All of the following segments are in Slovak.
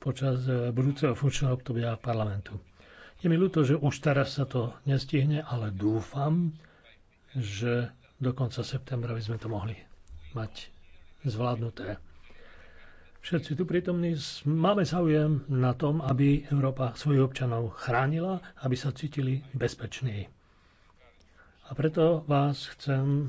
počas eh, budúceho funkčného obdobia parlamentu. Je mi ľúto, že už teraz sa to nestihne, ale dúfam, že do konca septembra by sme to mohli mať zvládnuté. Všetci tu prítomní máme záujem na tom, aby Európa svojich občanov chránila, aby sa cítili bezpeční. A preto vás chcem eh,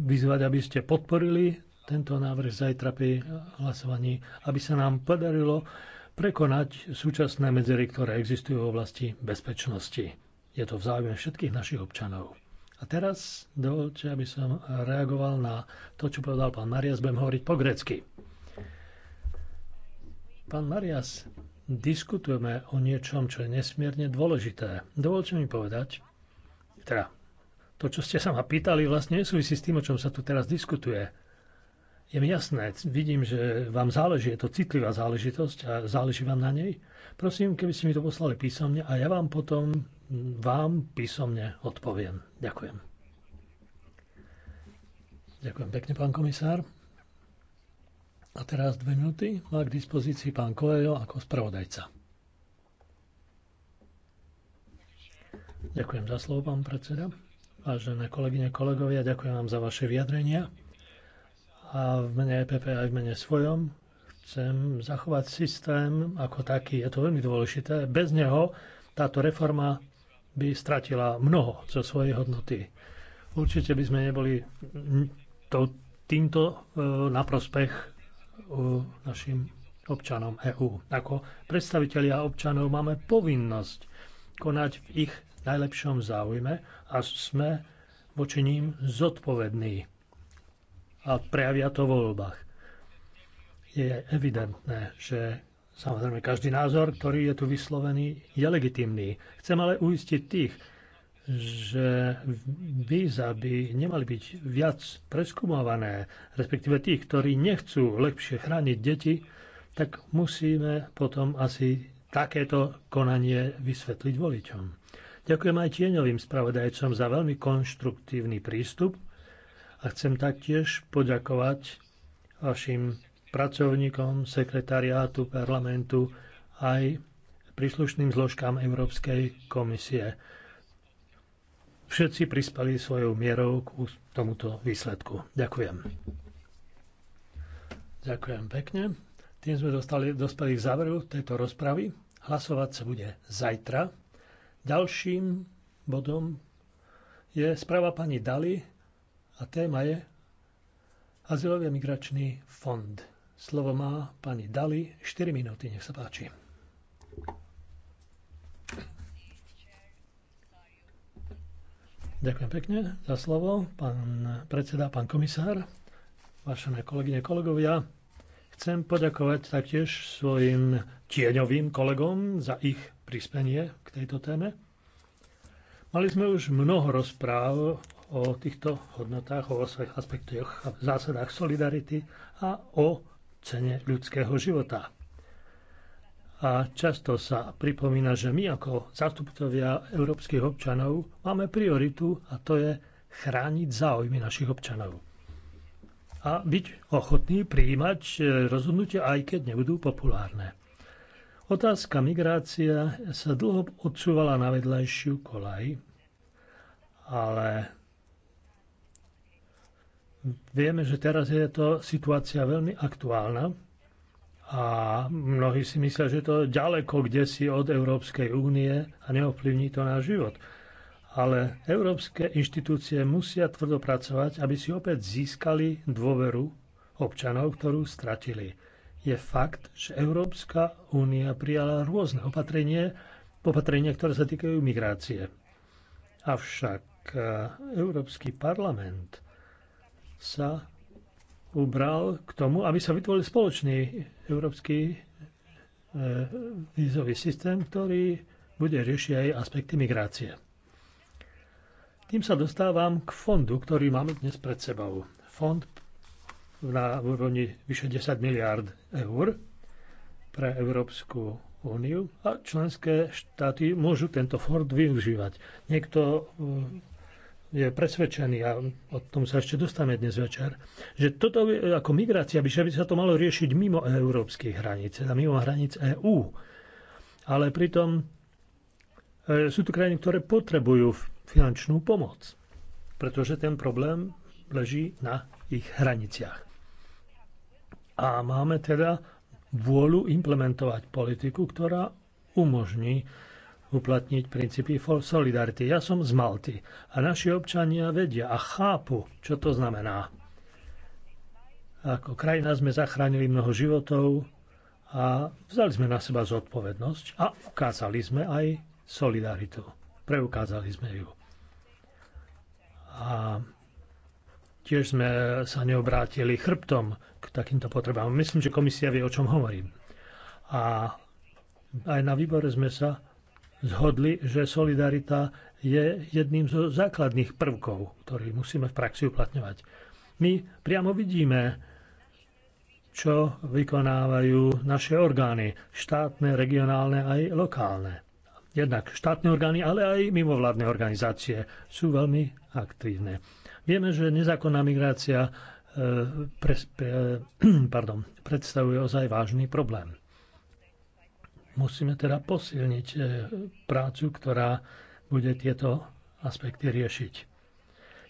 vyzvať, aby ste podporili tento návrh zajtra pri hlasovaní, aby sa nám podarilo prekonať súčasné medzery, ktoré existujú v oblasti bezpečnosti. Je to v záujme všetkých našich občanov. A teraz dovolte, aby som reagoval na to, čo povedal pán Marias. Budem hovoriť po grecky. Pán Marias, diskutujeme o niečom, čo je nesmierne dôležité. Dovolte mi povedať, teda to, čo ste sa ma pýtali, vlastne nesúvisí s tým, o čom sa tu teraz diskutuje. Je mi jasné, vidím, že vám záleží, je to citlivá záležitosť a záleží vám na nej. Prosím, keby ste mi to poslali písomne a ja vám potom vám písomne odpoviem. Ďakujem. Ďakujem pekne, pán komisár. A teraz dve minúty má k dispozícii pán Koejo ako spravodajca. Ďakujem za slovo, pán predseda. Vážené kolegyne, kolegovia, ďakujem vám za vaše vyjadrenia a v mene EPP aj v mene svojom chcem zachovať systém ako taký. Je to veľmi dôležité. Bez neho táto reforma by stratila mnoho zo svojej hodnoty. Určite by sme neboli to, týmto e, na prospech e, našim občanom EU. Ako predstavitelia občanov máme povinnosť konať v ich najlepšom záujme a sme voči ním zodpovední a prejavia to vo voľbách. Je evidentné, že samozrejme každý názor, ktorý je tu vyslovený, je legitimný. Chcem ale uistiť tých, že víza by nemali byť viac preskumované, respektíve tých, ktorí nechcú lepšie chrániť deti, tak musíme potom asi takéto konanie vysvetliť voličom. Ďakujem aj tieňovým spravodajcom za veľmi konštruktívny prístup a chcem taktiež poďakovať vašim pracovníkom sekretariátu parlamentu aj príslušným zložkám Európskej komisie. Všetci prispali svojou mierou k tomuto výsledku. Ďakujem. Ďakujem pekne. Tým sme dostali, dospeli k záveru tejto rozpravy. Hlasovať sa bude zajtra. Ďalším bodom je správa pani Dali a téma je Azylový migračný fond. Slovo má pani Dali, 4 minúty, nech sa páči. Ďakujem pekne za slovo, pán predseda, pán komisár, vážené kolegyne, kolegovia. Chcem poďakovať taktiež svojim tieňovým kolegom za ich prispenie k tejto téme. Mali sme už mnoho rozpráv o týchto hodnotách, o svojich aspektoch a zásadách solidarity a o cene ľudského života. A často sa pripomína, že my ako zastupcovia európskych občanov máme prioritu a to je chrániť záujmy našich občanov. A byť ochotní prijímať e, rozhodnutia, aj keď nebudú populárne. Otázka migrácia sa dlho odsúvala na vedľajšiu kolaj, ale Vieme, že teraz je to situácia veľmi aktuálna a mnohí si myslia, že to ďaleko kde si od Európskej únie a neovplyvní to náš život. Ale európske inštitúcie musia tvrdo pracovať, aby si opäť získali dôveru občanov, ktorú stratili. Je fakt, že Európska únia prijala rôzne opatrenie, opatrenie, ktoré sa týkajú migrácie. Avšak eh, Európsky parlament sa ubral k tomu, aby sa vytvoril spoločný európsky e, vízový systém, ktorý bude riešiť aj aspekty migrácie. Tým sa dostávam k fondu, ktorý máme dnes pred sebou. Fond na úrovni vyše 10 miliárd eur pre Európsku úniu a členské štáty môžu tento fond využívať. Niekto je presvedčený, a o tom sa ešte dostane dnes večer, že toto ako migrácia by, sa to malo riešiť mimo európskej hranice a teda mimo hranic EÚ. Ale pritom e, sú tu krajiny, ktoré potrebujú finančnú pomoc, pretože ten problém leží na ich hraniciach. A máme teda vôľu implementovať politiku, ktorá umožní uplatniť princípy solidarity. Ja som z Malty a naši občania vedia a chápu, čo to znamená. Ako krajina sme zachránili mnoho životov a vzali sme na seba zodpovednosť a ukázali sme aj solidaritu. Preukázali sme ju. A tiež sme sa neobrátili chrbtom k takýmto potrebám. Myslím, že komisia vie, o čom hovorím. A aj na výbore sme sa zhodli, že solidarita je jedným zo základných prvkov, ktorý musíme v praxi uplatňovať. My priamo vidíme, čo vykonávajú naše orgány, štátne, regionálne aj lokálne. Jednak štátne orgány, ale aj mimovládne organizácie sú veľmi aktívne. Vieme, že nezákonná migrácia eh, pres, eh, pardon, predstavuje ozaj vážny problém. Musíme teda posilniť e, prácu, ktorá bude tieto aspekty riešiť.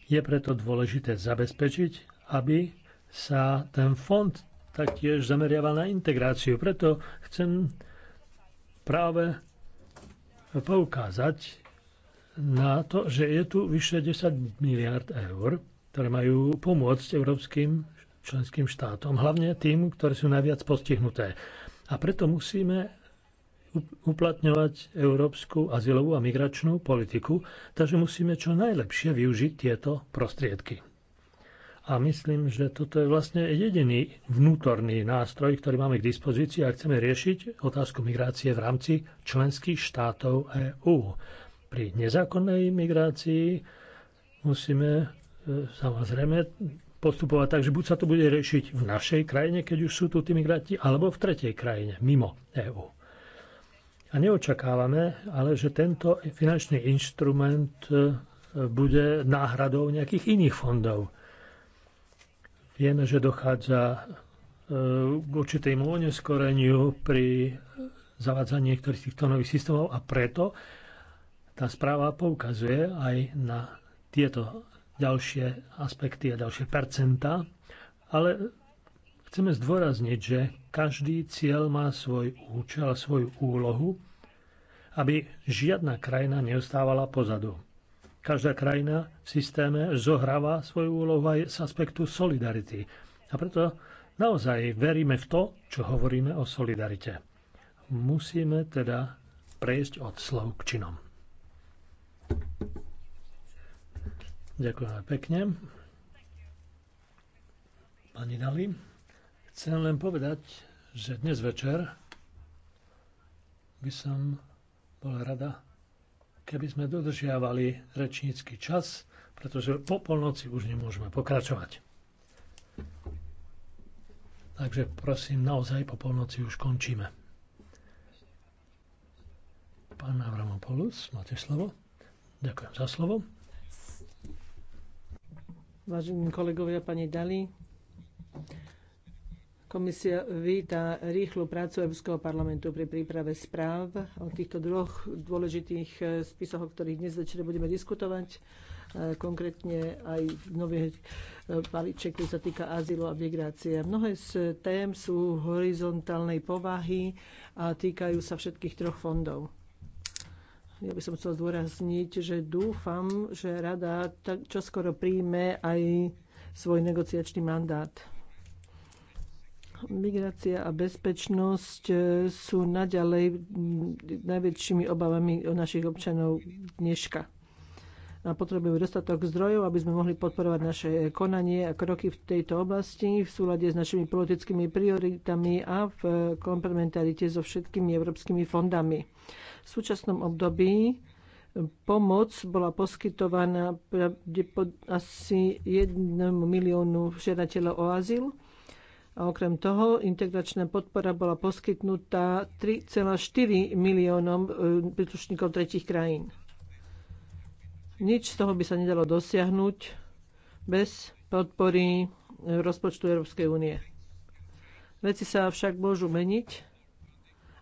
Je preto dôležité zabezpečiť, aby sa ten fond taktiež zameriaval na integráciu. Preto chcem práve poukázať na to, že je tu vyše 10 miliard eur, ktoré majú pomôcť európskym členským štátom, hlavne tým, ktoré sú najviac postihnuté. A preto musíme uplatňovať európsku azylovú a migračnú politiku, takže musíme čo najlepšie využiť tieto prostriedky. A myslím, že toto je vlastne jediný vnútorný nástroj, ktorý máme k dispozícii a chceme riešiť otázku migrácie v rámci členských štátov EÚ. Pri nezákonnej migrácii musíme e, samozrejme postupovať tak, že buď sa to bude riešiť v našej krajine, keď už sú tu tí migranti, alebo v tretej krajine, mimo EÚ. A neočakávame, ale že tento finančný inštrument e, bude náhradou nejakých iných fondov. Vieme, že dochádza e, k určitému oneskoreniu pri zavádzaní niektorých týchto nových systémov a preto tá správa poukazuje aj na tieto ďalšie aspekty a ďalšie percentá, ale Chceme zdôrazniť, že každý cieľ má svoj účel a svoju úlohu, aby žiadna krajina neostávala pozadu. Každá krajina v systéme zohráva svoju úlohu aj z aspektu solidarity. A preto naozaj veríme v to, čo hovoríme o solidarite. Musíme teda prejsť od slov k činom. Ďakujem pekne. Pani Dali. Chcem len povedať, že dnes večer by som bola rada, keby sme dodržiavali rečnícky čas, pretože po polnoci už nemôžeme pokračovať. Takže prosím, naozaj po polnoci už končíme. Pán Avramopoulos, máte slovo. Ďakujem za slovo. Vážení kolegovia, pani Dali, Komisia víta rýchlu prácu Európskeho parlamentu pri príprave správ o týchto dvoch dôležitých eh, spisoch, o ktorých dnes večer budeme diskutovať eh, konkrétne aj nový eh, balíček, ktorý sa týka azylu a migrácie. Mnohé z tém sú horizontálnej povahy a týkajú sa všetkých troch fondov. Ja by som chcel zdôrazniť, že dúfam, že rada čoskoro príjme aj svoj negociačný mandát Migrácia a bezpečnosť e, sú naďalej najväčšími obavami našich občanov dneška a potrebujeme dostatok zdrojov, aby sme mohli podporovať naše konanie a kroky v tejto oblasti v súlade s našimi politickými prioritami a v komplementarite so všetkými európskymi fondami. V súčasnom období pomoc bola poskytovaná asi 1 miliónu žiadateľov o azyl a okrem toho integračná podpora bola poskytnutá 3,4 miliónom e, príslušníkov tretich krajín. Nič z toho by sa nedalo dosiahnuť bez podpory e, rozpočtu Európskej únie. Veci sa však môžu meniť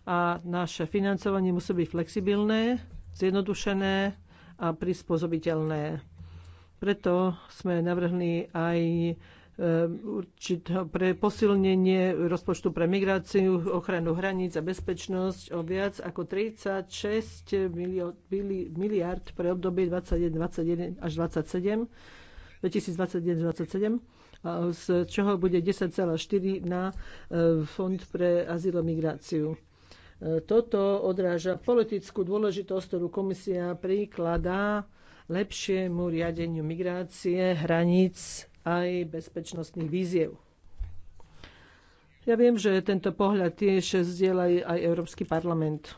a naše financovanie musí byť flexibilné, zjednodušené a prispôsobiteľné. Preto sme navrhli aj Ehm, určitého pre posilnenie rozpočtu pre migráciu, ochranu hraníc a bezpečnosť o viac ako 36 miliard, pre obdobie 2021 až 27, 2021-2027, z čoho bude 10,4 na e, Fond pre azyl a migráciu. E, toto odráža politickú dôležitosť, ktorú komisia prikladá lepšiemu riadeniu migrácie, hraníc aj bezpečnostných víziev. Ja viem, že tento pohľad tiež zdieľa aj Európsky parlament.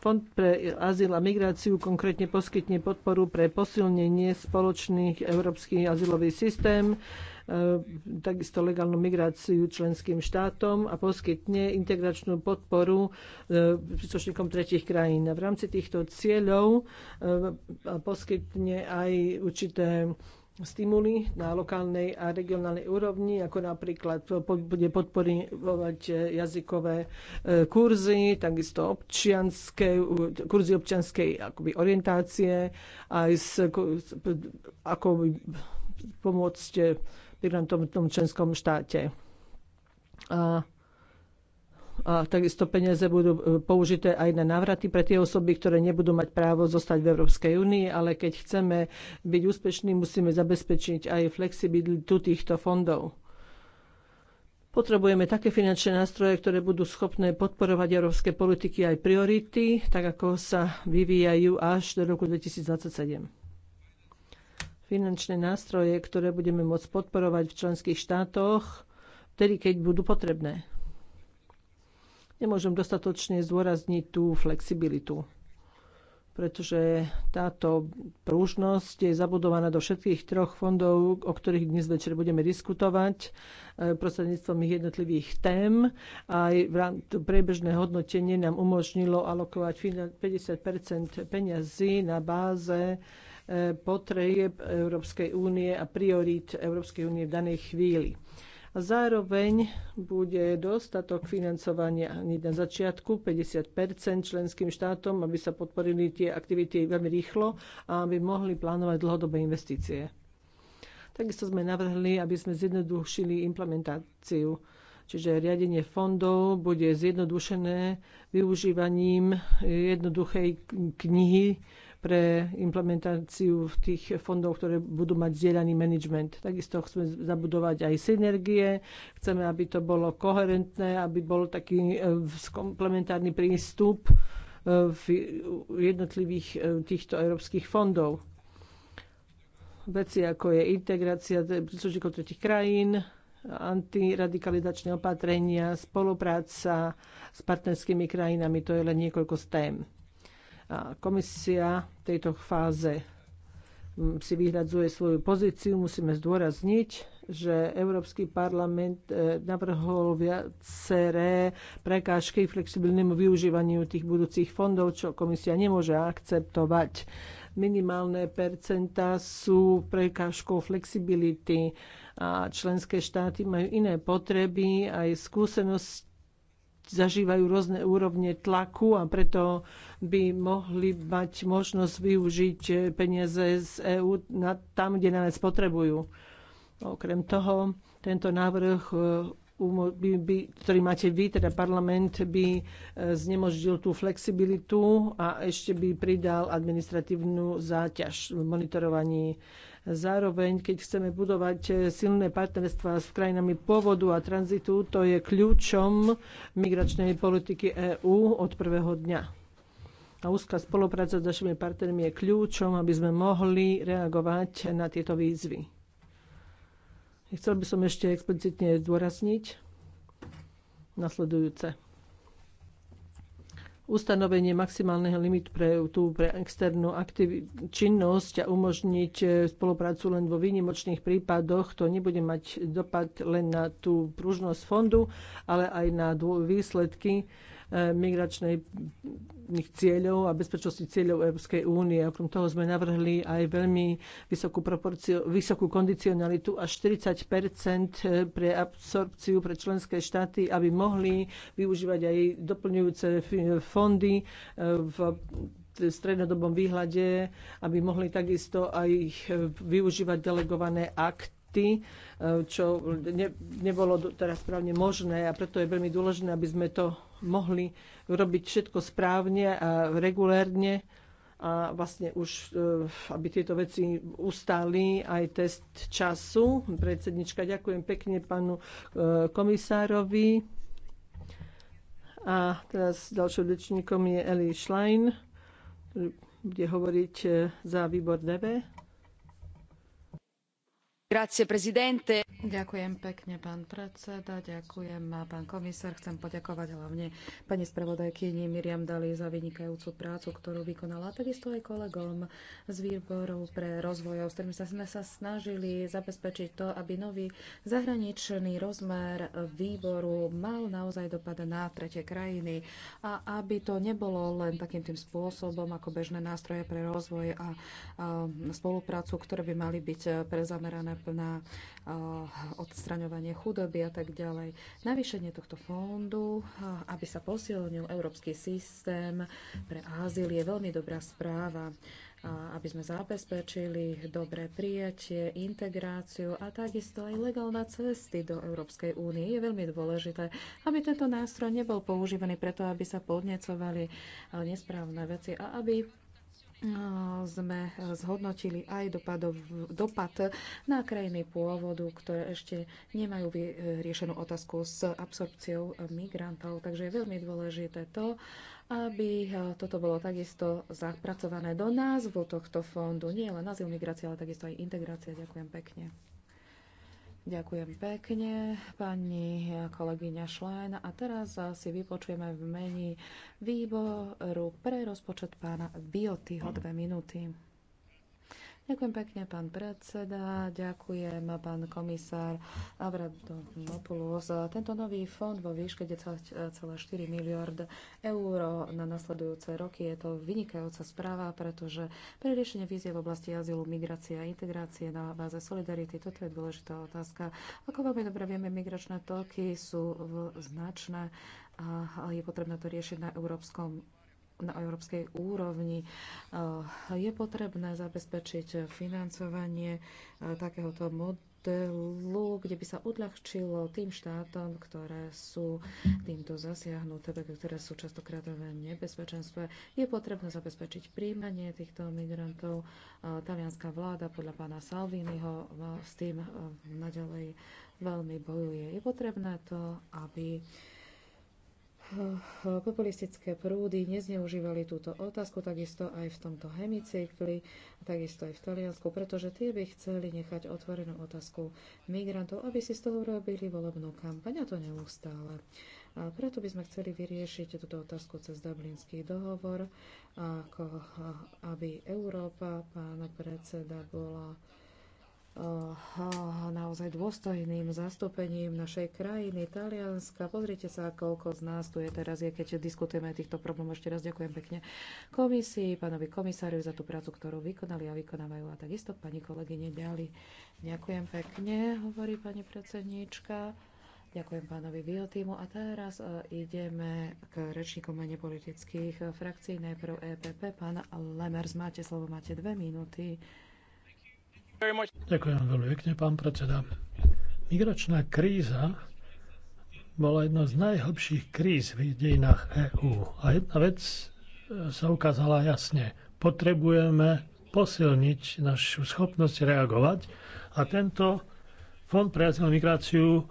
Fond pre azyl a migráciu konkrétne poskytne podporu pre posilnenie spoločných európskych azylový systém, E, takisto legálnu migráciu členským štátom a poskytne integračnú podporu e, príslušníkom tretich krajín. A v rámci týchto cieľov e, poskytne aj určité stimuly na lokálnej a regionálnej úrovni, ako napríklad bude podporovať jazykové kurzy, takisto občianské, kurzy občianskej akoby orientácie, aj s, ako pomôcť migrantom tom, tom členskom štáte. A a takisto peniaze budú e, použité aj na návraty pre tie osoby, ktoré nebudú mať právo zostať v Európskej únii, ale keď chceme byť úspešní, musíme zabezpečiť aj flexibilitu týchto fondov. Potrebujeme také finančné nástroje, ktoré budú schopné podporovať európske politiky aj priority, tak ako sa vyvíjajú až do roku 2027 finančné nástroje, ktoré budeme môcť podporovať v členských štátoch, vtedy, keď budú potrebné. Nemôžem dostatočne zdôrazniť tú flexibilitu, pretože táto prúžnosť je zabudovaná do všetkých troch fondov, o ktorých dnes večer budeme diskutovať e, prostredníctvom ich jednotlivých tém. Aj priebežné hodnotenie nám umožnilo alokovať 50 peňazí na báze potrieb Európskej únie a priorít Európskej únie v danej chvíli. A zároveň bude dostatok financovania hneď na začiatku, 50 členským štátom, aby sa podporili tie aktivity veľmi rýchlo a aby mohli plánovať dlhodobé investície. Takisto sme navrhli, aby sme zjednodušili implementáciu Čiže riadenie fondov bude zjednodušené využívaním jednoduchej knihy pre implementáciu v tých fondov, ktoré budú mať zdieľaný management. Takisto chceme zabudovať aj synergie, chceme, aby to bolo koherentné, aby bol taký e, komplementárny prístup e, v jednotlivých e, týchto európskych fondov. Veci ako je integrácia príslušníkov tretich krajín, antiradikalizačné opatrenia, spolupráca s partnerskými krajinami, to je len niekoľko z tém. Komisia v tejto fáze mm, si vyhradzuje svoju pozíciu. Musíme zdôrazniť, že Európsky parlament e, navrhol viaceré prekážky flexibilnému využívaniu tých budúcich fondov, čo komisia nemôže akceptovať. Minimálne percentá sú prekážkou flexibility a členské štáty majú iné potreby aj skúsenosti zažívajú rôzne úrovne tlaku a preto by mohli mať možnosť využiť peniaze z EÚ tam, kde nás potrebujú. Okrem toho, tento návrh e, by, by, ktorý máte vy, teda parlament, by e, znemožnil tú flexibilitu a ešte by pridal administratívnu záťaž v monitorovaní Zároveň, keď chceme budovať eh, silné partnerstva s krajinami pôvodu a tranzitu, to je kľúčom migračnej politiky EÚ od prvého dňa a úzka spolupráca s našimi partnermi je kľúčom, aby sme mohli reagovať na tieto výzvy. Chcel by som ešte explicitne zdôrazniť nasledujúce ustanovenie maximálneho limitu pre tú pre externú aktiv- činnosť a umožniť e, spoluprácu len vo výnimočných prípadoch, to nebude mať dopad len na tú pružnosť fondu, ale aj na dô- výsledky migračných cieľov a bezpečnosti cieľov Európskej únie. Okrem toho sme navrhli aj veľmi vysokú, proporciu, vysokú kondicionalitu až 40 pre absorpciu pre členské štáty, aby mohli využívať aj doplňujúce fondy e, v strednodobom výhľade, aby mohli takisto aj využívať delegované akty produkty, e, čo ne, nebolo teraz správne možné a preto je veľmi dôležité, aby sme to mohli robiť všetko správne a regulérne a vlastne už, e, aby tieto veci ustali aj test času. Predsednička, ďakujem pekne pánu e, komisárovi. A teraz ďalším rečníkom je Eli Schlein, bude hovoriť za výbor DB. Ďakujem pekne, pán predseda, ďakujem, pán komisár. Chcem poďakovať hlavne pani spravodajkyni Miriam Dali za vynikajúcu prácu, ktorú vykonala, a takisto aj kolegom z výboru pre rozvojov, s ktorými sme sa snažili zabezpečiť to, aby nový zahraničný rozmer výboru mal naozaj dopad na tretie krajiny a aby to nebolo len takým tým spôsobom ako bežné nástroje pre rozvoj a, a spoluprácu, ktoré by mali byť prezamerané na eh, odstraňovanie chudoby a tak ďalej. Navýšenie tohto fondu, eh, aby sa posilnil európsky systém pre azyl, je veľmi dobrá správa eh, aby sme zabezpečili dobré prijatie, integráciu a takisto aj legálne cesty do Európskej únie. Je veľmi dôležité, aby tento nástroj nebol používaný preto, aby sa podnecovali nesprávne veci a aby sme zhodnotili aj dopadov, dopad na krajiny pôvodu, ktoré ešte nemajú riešenú otázku s absorpciou migrantov. Takže je veľmi dôležité to, aby eh, toto bolo takisto zapracované do názvu tohto fondu. Nie len azyl migrácie, ale takisto aj integrácia. Ďakujem pekne. Ďakujem pekne, pani kolegyňa Šlajna. A teraz si vypočujeme v meni výboru pre rozpočet pána Biotyho dve minúty. Ďakujem pekne, pán predseda, ďakujem, pán komisár Avradopoulos. Tento nový fond vo výške 10,4 miliard eur na nasledujúce roky je to vynikajúca správa, pretože pre riešenie vízie v oblasti azylu, migrácie a integrácie na báze solidarity, toto je dôležitá otázka. Ako veľmi dobre vieme, migračné toky sú značné a je potrebné to riešiť na európskom na európskej úrovni. Eh, je potrebné zabezpečiť financovanie eh, takéhoto modelu, kde by sa uľahčilo tým štátom, ktoré sú týmto zasiahnuté, ktoré sú častokrát v nebezpečenstve. Je potrebné zabezpečiť príjmanie týchto migrantov. Eh, talianská vláda podľa pána Salviniho s tým naďalej veľmi bojuje. Je potrebné to, aby populistické prúdy nezneužívali túto otázku, takisto aj v tomto hemicykli, takisto aj v Taliansku, pretože tie by chceli nechať otvorenú otázku migrantov, aby si z toho urobili volebnú kampaň a to neustále. A preto by sme chceli vyriešiť túto otázku cez Dublinský dohovor, ako, aby Európa, pána predseda, bola naozaj dôstojným zastúpením našej krajiny, Talianska. Pozrite sa, koľko z nás tu je teraz, je, keď diskutujeme o týchto problémoch. Ešte raz ďakujem pekne komisii, pánovi komisáriu za tú prácu, ktorú vykonali a vykonávajú. A takisto pani kolegyne Ďali. Ďakujem pekne, hovorí pani predsedníčka. Ďakujem pánovi Biotímu. A teraz e, ideme k rečníkom mene politických e, frakcií. Najprv EPP. Pán Lemers, máte slovo, máte dve minúty. Ďakujem veľmi pekne, pán predseda. Migračná kríza bola jedna z najhlbších kríz v dejinách EÚ. A jedna vec e, sa ukázala jasne. Potrebujeme posilniť našu schopnosť reagovať a tento Fond pre azyl migráciu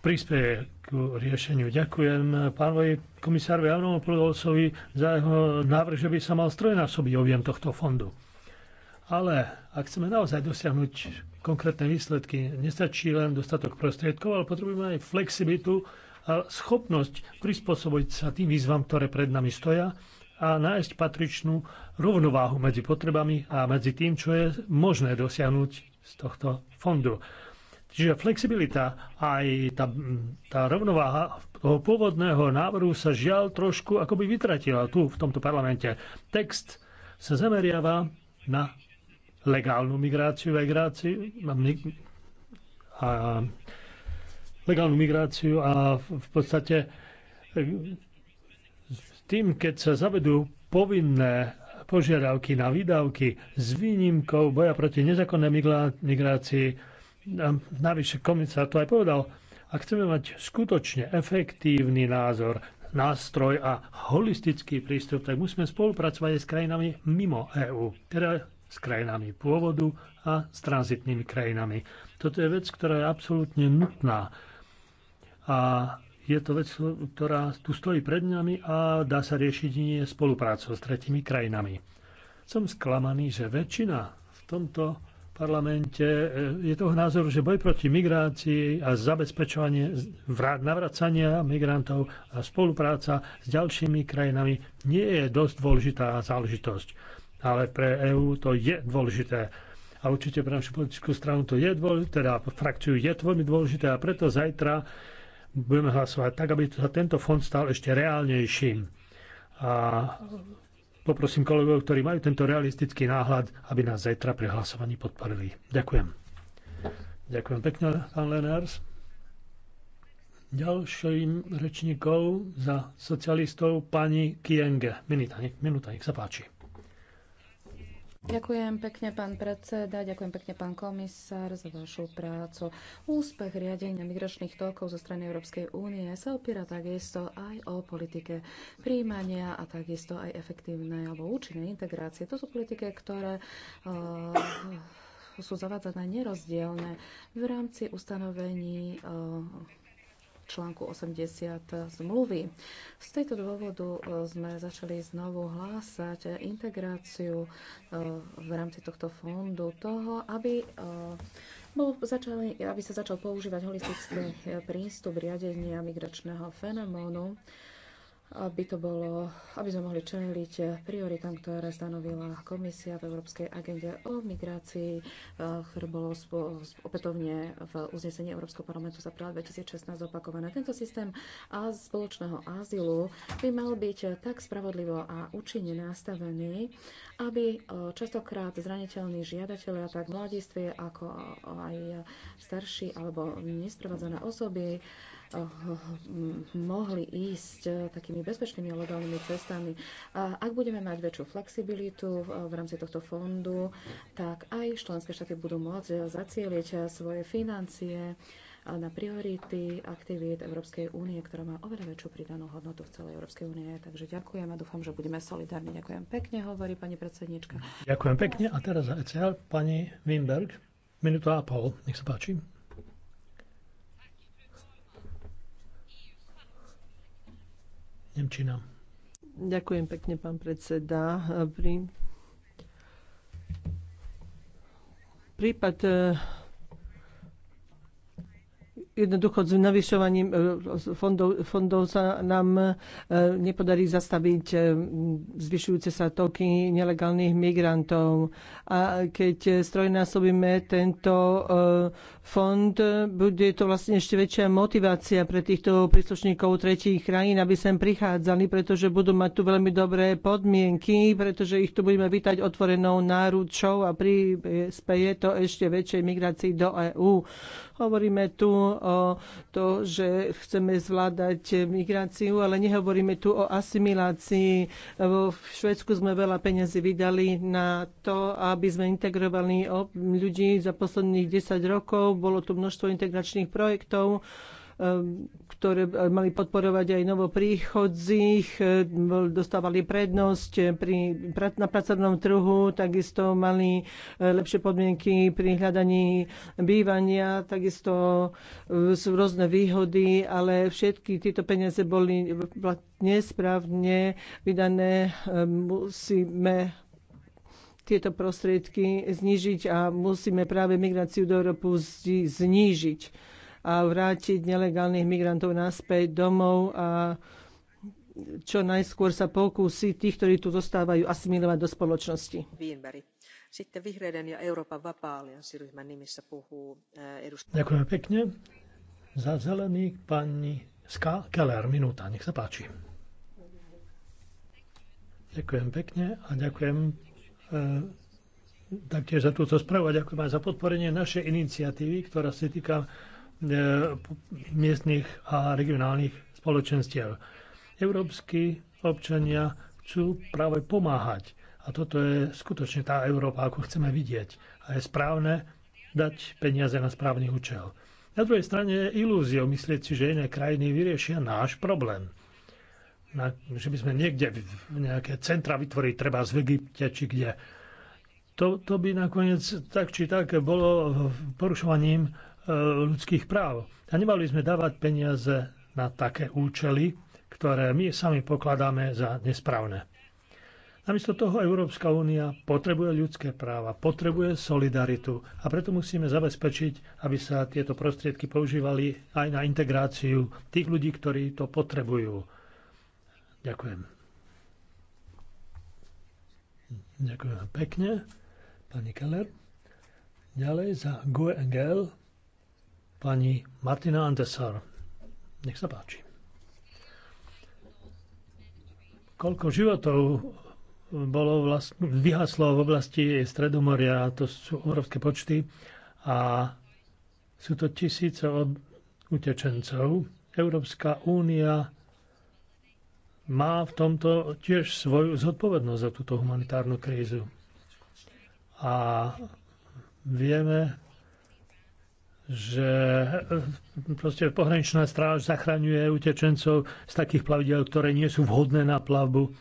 prispieje k riešeniu. Ďakujem pánovi komisárovi Avramopoulosovi za jeho návrh, že by sa mal strojnásobiť objem tohto fondu. Ale ak chceme naozaj dosiahnuť konkrétne výsledky, nestačí len dostatok prostriedkov, ale potrebujeme aj flexibilitu a schopnosť prispôsobiť sa tým výzvam, ktoré pred nami stoja a nájsť patričnú rovnováhu medzi potrebami a medzi tým, čo je možné dosiahnuť z tohto fondu. Čiže flexibilita aj tá, tá rovnováha toho pôvodného návrhu sa žiaľ trošku akoby vytratila tu v tomto parlamente. Text sa zameriava na legálnu migráciu, migráciu a legálnu migráciu a v podstate eh, tým, keď sa zavedú povinné požiadavky na výdavky s výnimkou boja proti nezákonnej migrácii, navyše komisár to aj povedal, ak chceme mať skutočne efektívny názor, nástroj a holistický prístup, tak musíme spolupracovať aj s krajinami mimo EÚ, teda s krajinami pôvodu a s tranzitnými krajinami. Toto je vec, ktorá je absolútne nutná. A je to vec, ktorá tu stojí pred nami a dá sa riešiť nie spoluprácou s tretimi krajinami. Som sklamaný, že väčšina v tomto parlamente eh, je toho názoru, že boj proti migrácii a zabezpečovanie navracania migrantov a spolupráca s ďalšími krajinami nie je dosť dôležitá záležitosť ale pre EÚ to je dôležité. A určite pre našu politickú stranu to je dôležité, teda frakciu je veľmi dôležité a preto zajtra budeme hlasovať tak, aby sa tento fond stal ešte reálnejším. A poprosím kolegov, ktorí majú tento realistický náhľad, aby nás zajtra pri hlasovaní podporili. Ďakujem. Ďakujem pekne, pán Lenárs. Ďalším rečníkom za socialistov pani Kienge. Minúta, nech, minúta, nech sa páči. Ďakujem pekne, pán predseda, ďakujem pekne, pán komisár, za vašu prácu. Úspech riadenia migračných tokov zo strany Európskej únie sa opiera takisto aj o politike príjmania a takisto aj efektívnej alebo účinnej integrácie. To sú politiky, ktoré uh, sú zavádzané nerozdielne v rámci ustanovení uh, článku 80 zmluvy. Z tejto dôvodu e, sme začali znovu hlásať integráciu e, v rámci tohto fondu toho, aby e, bol začali, aby sa začal používať holistický prístup riadenia migračného fenomónu aby to bolo, aby sme mohli čeliť prioritám, ktoré stanovila komisia v Európskej agende o migrácii, eh, ktoré bolo opätovne v uznesení Európskeho parlamentu za práve 2016 opakované. Tento systém spoločného azylu by mal byť tak spravodlivo a účinne nastavený, aby eh, častokrát zraniteľní žiadatelia, tak mladiství, ako aj starší alebo nesprevádzané osoby, Oh, mohli ísť eh, takými bezpečnými a legálnymi cestami. A ak budeme mať väčšiu flexibilitu eh, v rámci tohto fondu, tak aj členské štáty budú môcť eh, zacieliť svoje financie na priority aktivít Európskej únie, ktorá má oveľa väčšiu pridanú hodnotu v celej Európskej únie. Takže ďakujem a dúfam, že budeme solidárni. Ďakujem pekne, hovorí pani predsednička. Ďakujem pekne a teraz za ECL pani Wimberg. Minúta a pol, nech sa páči. Nemčina. Ďakujem pekne, pán predseda. Prípad eh, jednoducho s navyšovaním e, fondov, fondov sa nám e, nepodarí zastaviť e, zvyšujúce sa toky nelegálnych migrantov. A keď strojnásobíme tento fond, bude to vlastne ešte väčšia motivácia pre týchto príslušníkov tretích krajín, aby sem prichádzali, pretože budú mať tu veľmi dobré podmienky, pretože ich tu budeme vítať otvorenou náručou a prispeje to ešte väčšej migrácii do EÚ. Hovoríme tu o to, že chceme zvládať migráciu, ale nehovoríme tu o asimilácii. V Švedsku sme veľa peňazí vydali na to, aby sme integrovali ľudí za posledných 10 rokov. Bolo tu množstvo integračných projektov. Ehm, ktoré eh, mali podporovať aj novopríchodzích, eh, dostávali prednosť eh, pri, na pracovnom trhu, takisto mali lepšie podmienky pri hľadaní bývania, takisto sú rôzne výhody, ale všetky tieto peniaze boli nesprávne vlastne vydané. Ehm, musíme tieto prostriedky znižiť a musíme práve migráciu do Európu znížiť a vrátiť nelegálnych migrantov naspäť domov a čo najskôr sa pokúsi tých, ktorí tu zostávajú, asimilovať do spoločnosti. Eh, ďakujem pekne. Za zelený pani Ska Keller, minúta, nech sa páči. Ďakujem pekne a ďakujem e, taktiež za túto správu a ďakujem aj za podporenie našej iniciatívy, ktorá sa týka E, miestnych a regionálnych spoločenstiev. Európsky občania chcú práve pomáhať. A toto je skutočne tá Európa, ako chceme vidieť. A je správne dať peniaze na správny účel. Na druhej strane je ilúziou myslieť si, že iné krajiny vyriešia náš problém. Na, že by sme niekde v nejaké centra vytvorili, treba z Egypte či kde. To, to by nakoniec tak či tak bolo porušovaním E, ľudských práv. A nemali sme dávať peniaze na také účely, ktoré my sami pokladáme za nesprávne. Namiesto toho Európska únia potrebuje ľudské práva, potrebuje solidaritu a preto musíme zabezpečiť, aby sa tieto prostriedky používali aj na integráciu tých ľudí, ktorí to potrebujú. Ďakujem. Ďakujem pekne, pani Keller. Ďalej za GUE pani Martina Andesar. Nech sa páči. Koľko životov bolo vlast... vyhaslo v oblasti Stredomoria, to sú obrovské počty a sú to tisíce od utečencov. Európska únia má v tomto tiež svoju zodpovednosť za túto humanitárnu krízu. A vieme, že e, proste pohraničná stráž zachraňuje utečencov z takých plavidel, ktoré nie sú vhodné na plavbu.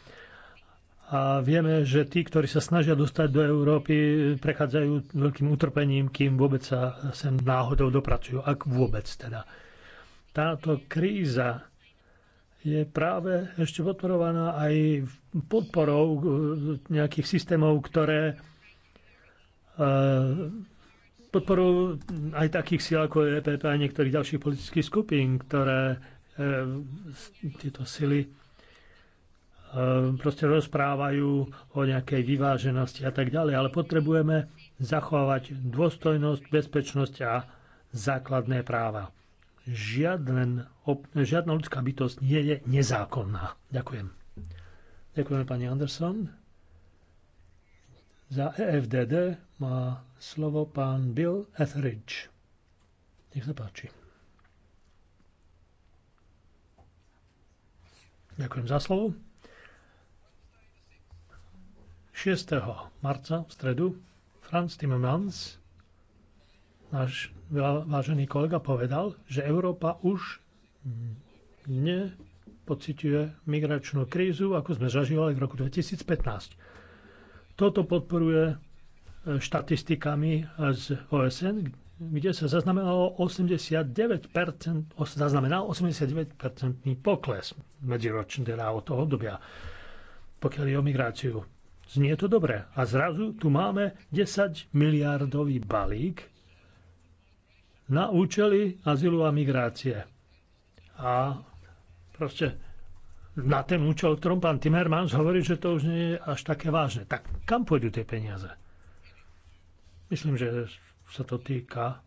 A vieme, že tí, ktorí sa snažia dostať do Európy, prechádzajú veľkým utrpením, kým vôbec sa sem náhodou dopracujú, ak vôbec teda. Táto kríza je práve ešte podporovaná aj podporou e, nejakých systémov, ktoré e, podporu aj takých síl ako EPP e a niektorých ďalších politických skupín, ktoré e, tieto sily e, proste rozprávajú o nejakej vyváženosti a tak ďalej, ale potrebujeme zachovať dôstojnosť, bezpečnosť a základné práva. Žiaden, žiadna ľudská bytosť nie je nezákonná. Ďakujem. Ďakujeme pani Anderson. Za EFDD má slovo pán Bill Etheridge. Nech sa páči. Ďakujem za slovo. 6. marca v stredu Franz Timmermans, náš vážený kolega, povedal, že Európa už nepociťuje migračnú krízu, ako sme zažívali v roku 2015. Toto podporuje štatistikami z OSN, kde sa zaznamenalo 89%, zaznamenal 89-percentný pokles medziročne teda od toho obdobia, pokiaľ je o migráciu. Znie to dobre. A zrazu tu máme 10 miliardový balík na účely azylu a migrácie. A proste na ten účel, o ktorom pán Timmermans hovorí, že to už nie je až také vážne. Tak kam pôjdu tie peniaze? Myslím, že sa to týka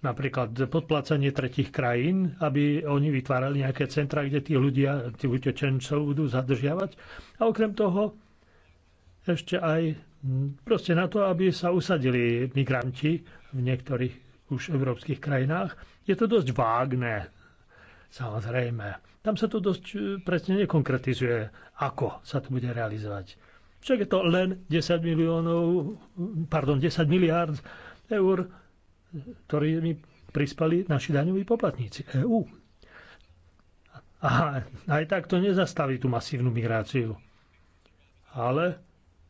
napríklad podplácanie tretich krajín, aby oni vytvárali nejaké centra, kde tí ľudia, tí utečencov budú zadržiavať. A okrem toho ešte aj proste na to, aby sa usadili migranti v niektorých už európskych krajinách. Je to dosť vágne, samozrejme. Tam sa to dosť presne nekonkretizuje, ako sa to bude realizovať. Však je to len 10 miliónov, pardon, 10 miliárd eur, ktorými prispali naši daňoví poplatníci EÚ. A aj tak to nezastaví tú masívnu migráciu. Ale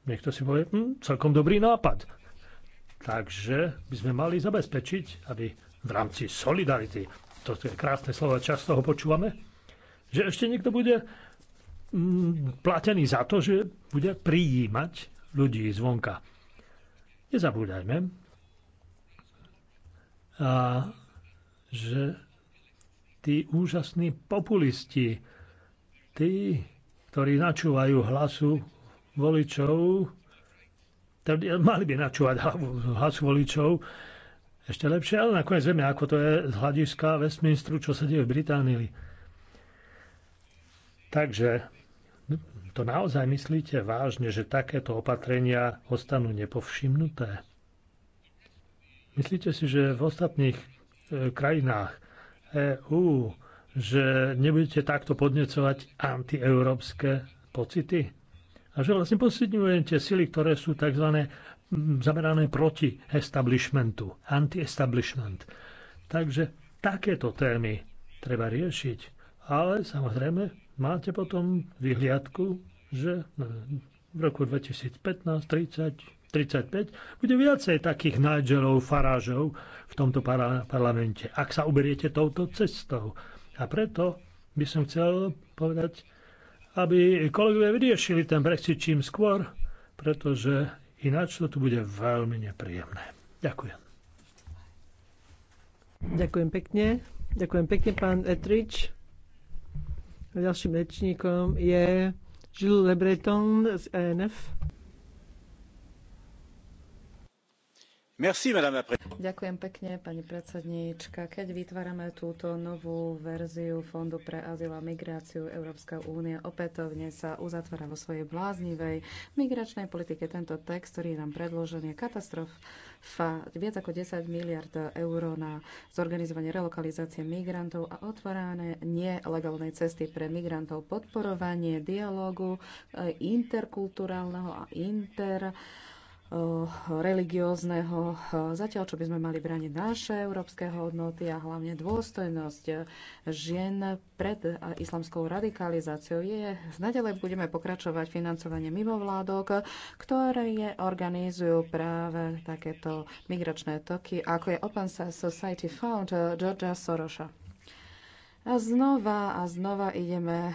niekto si povie, hm, celkom dobrý nápad. Takže by sme mali zabezpečiť, aby v rámci solidarity, toto je krásne slovo, často ho počúvame, že ešte niekto bude platený za to, že bude prijímať ľudí zvonka. Nezabúdajme, a že tí úžasní populisti, tí, ktorí načúvajú hlasu voličov, tedy mali by načúvať hlasu voličov, ešte lepšie, ale nakoniec vieme, ako to je z hľadiska Westminsteru, čo sa deje v Británii. Takže to naozaj myslíte vážne, že takéto opatrenia ostanú nepovšimnuté? Myslíte si, že v ostatných e, krajinách EÚ, že nebudete takto podnecovať antieurópske pocity? A že vlastne posilňujete sily, ktoré sú tzv. zamerané proti establishmentu, anti-establishment. Takže takéto témy treba riešiť. Ale samozrejme máte potom vyhliadku, že v roku 2015, 30, 35 bude viacej takých Nigelov, farážov v tomto parlamente, ak sa uberiete touto cestou. A preto by som chcel povedať, aby kolegovia vyriešili ten Brexit čím skôr, pretože ináč to tu bude veľmi nepríjemné. Ďakujem. Ďakujem pekne. Ďakujem pekne, pán Etrič. Ďalším rečníkom je Gilles Lebreton z ENF. Ďakujem pekne, pani predsedníčka. Keď vytvárame túto novú verziu Fondu pre azyl a migráciu, Európska únia opätovne sa uzatvára vo svojej bláznivej migračnej politike. Tento text, ktorý je nám predložený, je katastrofa. Viac ako 10 miliard eur na zorganizovanie relokalizácie migrantov a otvárané nelegálnej cesty pre migrantov, podporovanie dialógu eh, interkulturálneho a inter Eh, religiózneho, eh, zatiaľ čo by sme mali braniť naše európske hodnoty a hlavne dôstojnosť eh, žien pred islamskou radikalizáciou je. Nadalej budeme pokračovať financovanie mimovládok, ktoré je, organizujú práve takéto migračné toky, ako je Open Society Fund Georgia Sorosha. A znova a znova ideme eh,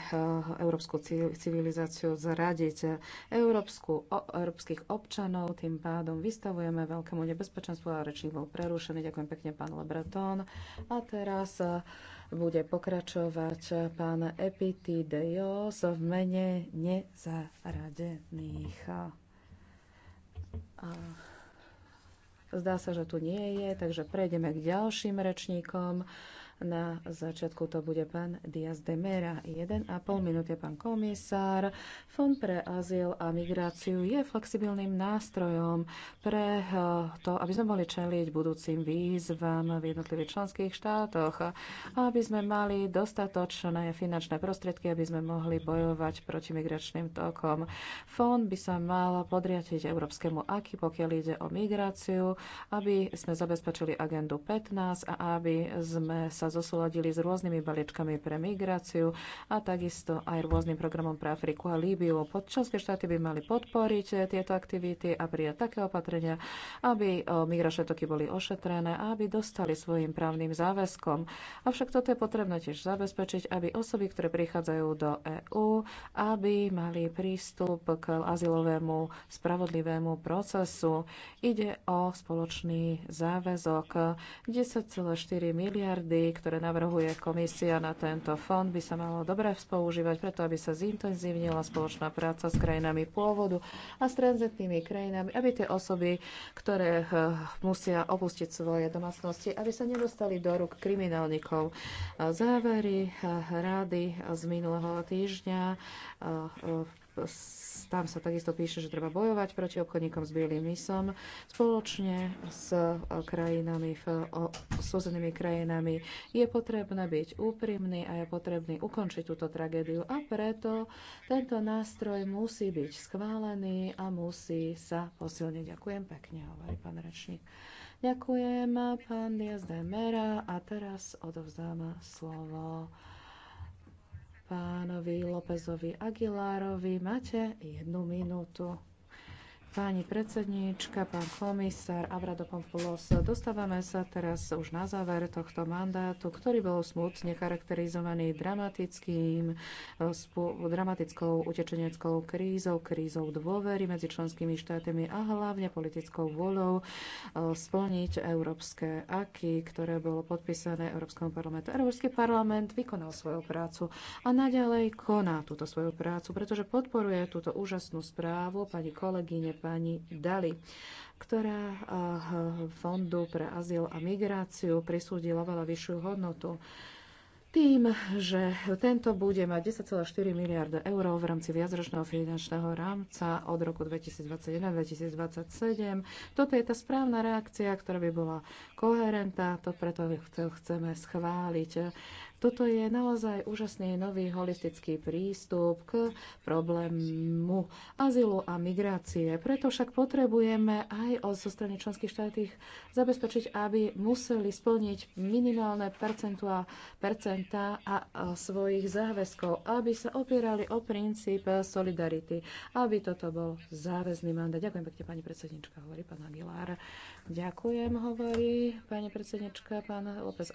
európsku civilizáciu zradiť európsku, o, európskych občanov, tým pádom vystavujeme veľkému nebezpečenstvu a rečník bol prerušený. Ďakujem pekne, pán Lebreton. A teraz eh, bude pokračovať pán Epitideios v mene nezaradených. A zdá sa, že tu nie je, takže prejdeme k ďalším rečníkom. Na začiatku to bude pán Diaz de Mera. 1,5 minúty, pán komisár. Fond pre azyl a migráciu je flexibilným nástrojom pre eh, to, aby sme mohli čeliť budúcim výzvam v jednotlivých členských štátoch, aby sme mali dostatočné finančné prostriedky, aby sme mohli bojovať proti migračným tokom. Fond by sa mal podriatiť Európskemu aký, pokiaľ ide o migráciu, aby sme zabezpečili agendu 15 a aby sme sa sa zosúladili s rôznymi balíčkami pre migráciu a takisto aj rôznym programom pre Afriku a Líbiu. Podčlenské štáty by mali podporiť tieto aktivity a prijať také opatrenia, aby migračné toky boli ošetrené a aby dostali svojim právnym záväzkom. Avšak toto je potrebné tiež zabezpečiť, aby osoby, ktoré prichádzajú do EÚ, aby mali prístup k azylovému spravodlivému procesu. Ide o spoločný záväzok 10,4 miliardy, ktoré navrhuje komisia na tento fond, by sa malo dobre spoužívať, preto aby sa zintenzívnila spoločná práca s krajinami pôvodu a s tranzitnými krajinami, aby tie osoby, ktoré eh, musia opustiť svoje domácnosti, aby sa nedostali do rúk kriminálnikov. Závery eh, rady z minulého týždňa eh, tam sa takisto píše, že treba bojovať proti obchodníkom s bielým mysom spoločne s e, krajinami, ozenými krajinami. Je potrebné byť úprimný a je potrebný ukončiť túto tragédiu a preto tento nástroj musí byť schválený a musí sa posilniť. Ďakujem pekne, hovorí pán rečník. Ďakujem, pán Diaz de Mera. A teraz odovzdám slovo pánovi Lópezovi Aguilárovi. Máte jednu minútu. Pani predsedníčka, pán komisár Avradopoulos, dostávame sa teraz už na záver tohto mandátu, ktorý bol smutne charakterizovaný dramatickým, eh, dramatickou utečeneckou krízou, krízou dôvery medzi členskými štátmi a hlavne politickou vôľou eh, splniť európske aky, ktoré bolo podpísané Európskom parlamentu. Európsky parlament vykonal svoju prácu a naďalej koná túto svoju prácu, pretože podporuje túto úžasnú správu pani kolegyne pani Dali, ktorá eh, Fondu pre azyl a migráciu prisúdila veľa vyššiu hodnotu tým, že tento bude mať 10,4 miliarda eur v rámci viacročného finančného rámca od roku 2021-2027. Toto je tá správna reakcia, ktorá by bola koherentná, to preto chceme schváliť. Toto je naozaj úžasný nový holistický prístup k problému azylu a migrácie. Preto však potrebujeme aj zo strany členských štátov zabezpečiť, aby museli splniť minimálne percentua, percenta a svojich záväzkov, aby sa opierali o princíp solidarity, aby toto bol záväzný mandát. Ďakujem pekne, pani predsednička, hovorí pán Aguilar. Ďakujem, hovorí pani predsednička, pán López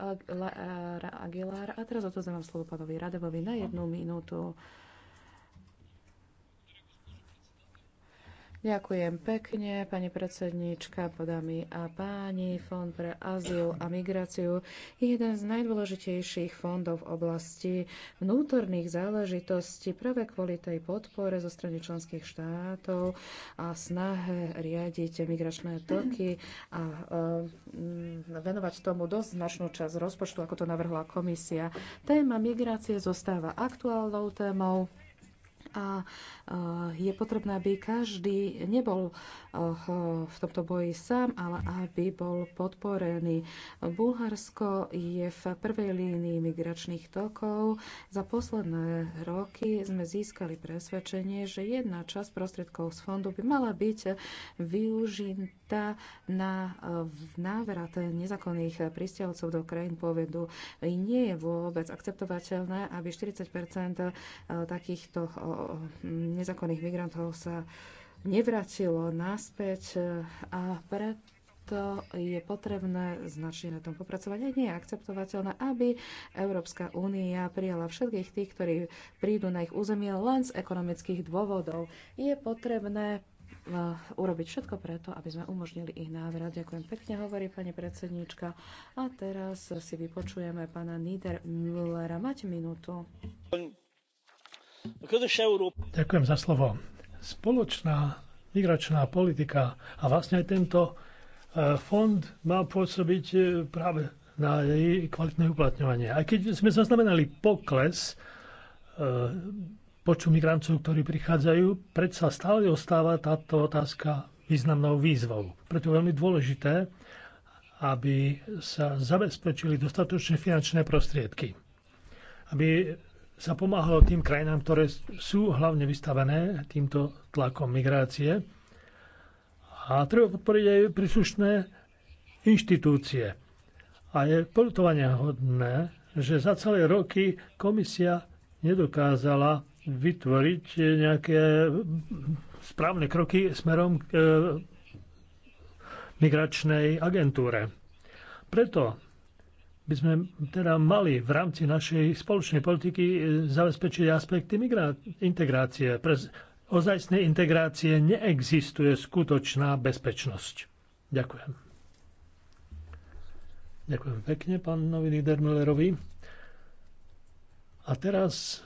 Aguilar. A teraz odozdávam slovo pánovi Radevovi na jednu minútu. Ďakujem pekne, pani predsedníčka, podami a páni. Fond pre azyl a migráciu je jeden z najdôležitejších fondov v oblasti vnútorných záležitostí práve kvôli tej podpore zo strany členských štátov a snahe riadiť migračné toky a e, venovať tomu dosť značnú časť rozpočtu, ako to navrhla komisia. Téma migrácie zostáva aktuálnou témou a eh, je potrebné, aby každý nebol eh, v tomto boji sám, ale aby bol podporený. Bulharsko je v prvej línii migračných tokov. Za posledné roky sme získali presvedčenie, že jedna časť prostriedkov z fondu by mala byť využitá na eh, návrat nezákonných pristiaľcov do krajín povedu. Nie je vôbec akceptovateľné, aby 40 takýchto nezákonných migrantov sa nevrátilo naspäť a preto je potrebné značne na tom popracovať. nie je akceptovateľné, aby Európska únia prijala všetkých tých, ktorí prídu na ich územie len z ekonomických dôvodov. Je potrebné e, urobiť všetko preto, aby sme umožnili ich návrat. Ďakujem pekne, hovorí pani predsednička. A teraz si vypočujeme pána Niedermüllera. Máte minútu. Ďakujem za slovo. Spoločná migračná politika a vlastne aj tento e, fond má pôsobiť e, práve na jej kvalitné uplatňovanie. Aj keď sme zaznamenali pokles e, počtu migrantov, ktorí prichádzajú, predsa stále ostáva táto otázka významnou výzvou. Preto je veľmi dôležité, aby sa zabezpečili dostatočné finančné prostriedky, aby sa pomáhalo tým krajinám, ktoré sú hlavne vystavené týmto tlakom migrácie. A treba podporiť aj príslušné inštitúcie. A je polutovania hodné, že za celé roky komisia nedokázala vytvoriť nejaké správne kroky smerom k e, migračnej agentúre. Preto by sme teda mali v rámci našej spoločnej politiky e, zabezpečiť aspekty integrácie. Pre ozajstnej integrácie neexistuje skutočná bezpečnosť. Ďakujem. Ďakujem pekne pánovi Niedermüllerovi. A teraz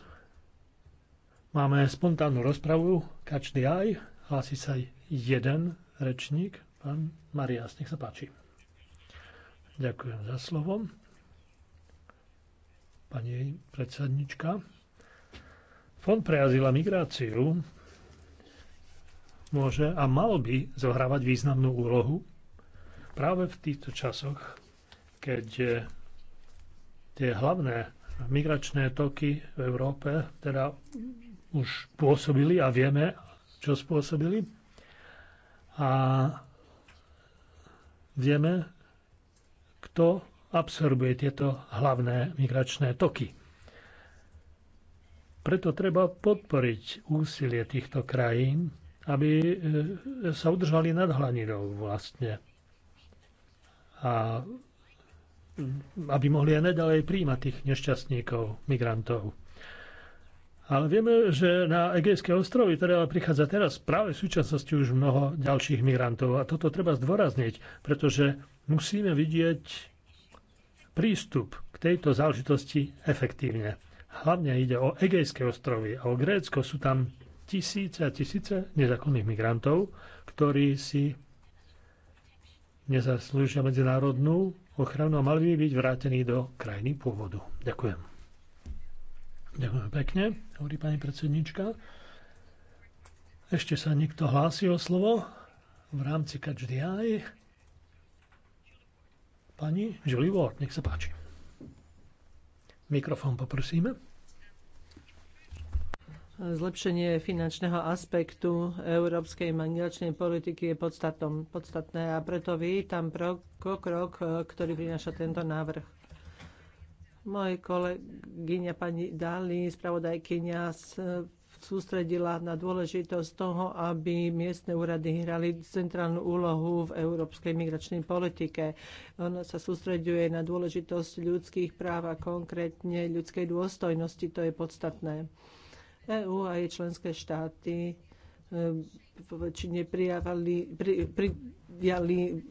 máme spontánnu rozpravu. Každý aj. Hlási sa jeden rečník, pán Marias. Nech sa páči. Ďakujem za slovo pani predsednička. Fond pre azyl a migráciu môže a mal by zohrávať významnú úlohu práve v týchto časoch, keď tie hlavné migračné toky v Európe teda už pôsobili a vieme, čo spôsobili. A vieme, kto absorbuje tieto hlavné migračné toky. Preto treba podporiť úsilie týchto krajín, aby e, sa udržali nad hladinou vlastne. A aby mohli aj nedalej príjmať tých nešťastníkov, migrantov. Ale vieme, že na Egejské ostrovy teda prichádza teraz práve v súčasnosti už mnoho ďalších migrantov. A toto treba zdôrazniť, pretože musíme vidieť prístup k tejto záležitosti efektívne. Hlavne ide o Egejské ostrovy a o Grécko sú tam tisíce a tisíce nezákonných migrantov, ktorí si nezaslúžia medzinárodnú ochranu a mali by byť vrátení do krajiny pôvodu. Ďakujem. Ďakujem pekne, hovorí pani predsednička. Ešte sa niekto hlási o slovo v rámci KDI. Pani Julie Ward, nech sa páči. Mikrofón poprosíme. Zlepšenie finančného aspektu európskej migračnej politiky je podstatom, podstatné a preto vítam krok, ktorý prináša tento návrh. Moje kolegyňa pani Dali, spravodajkyňa, sústredila na dôležitosť toho, aby miestne úrady hrali centrálnu úlohu v európskej migračnej politike. Ona sa sústreďuje na dôležitosť ľudských práv a konkrétne ľudskej dôstojnosti. To je podstatné. EÚ a jej členské štáty väčšine e, prijavali, pri, prijali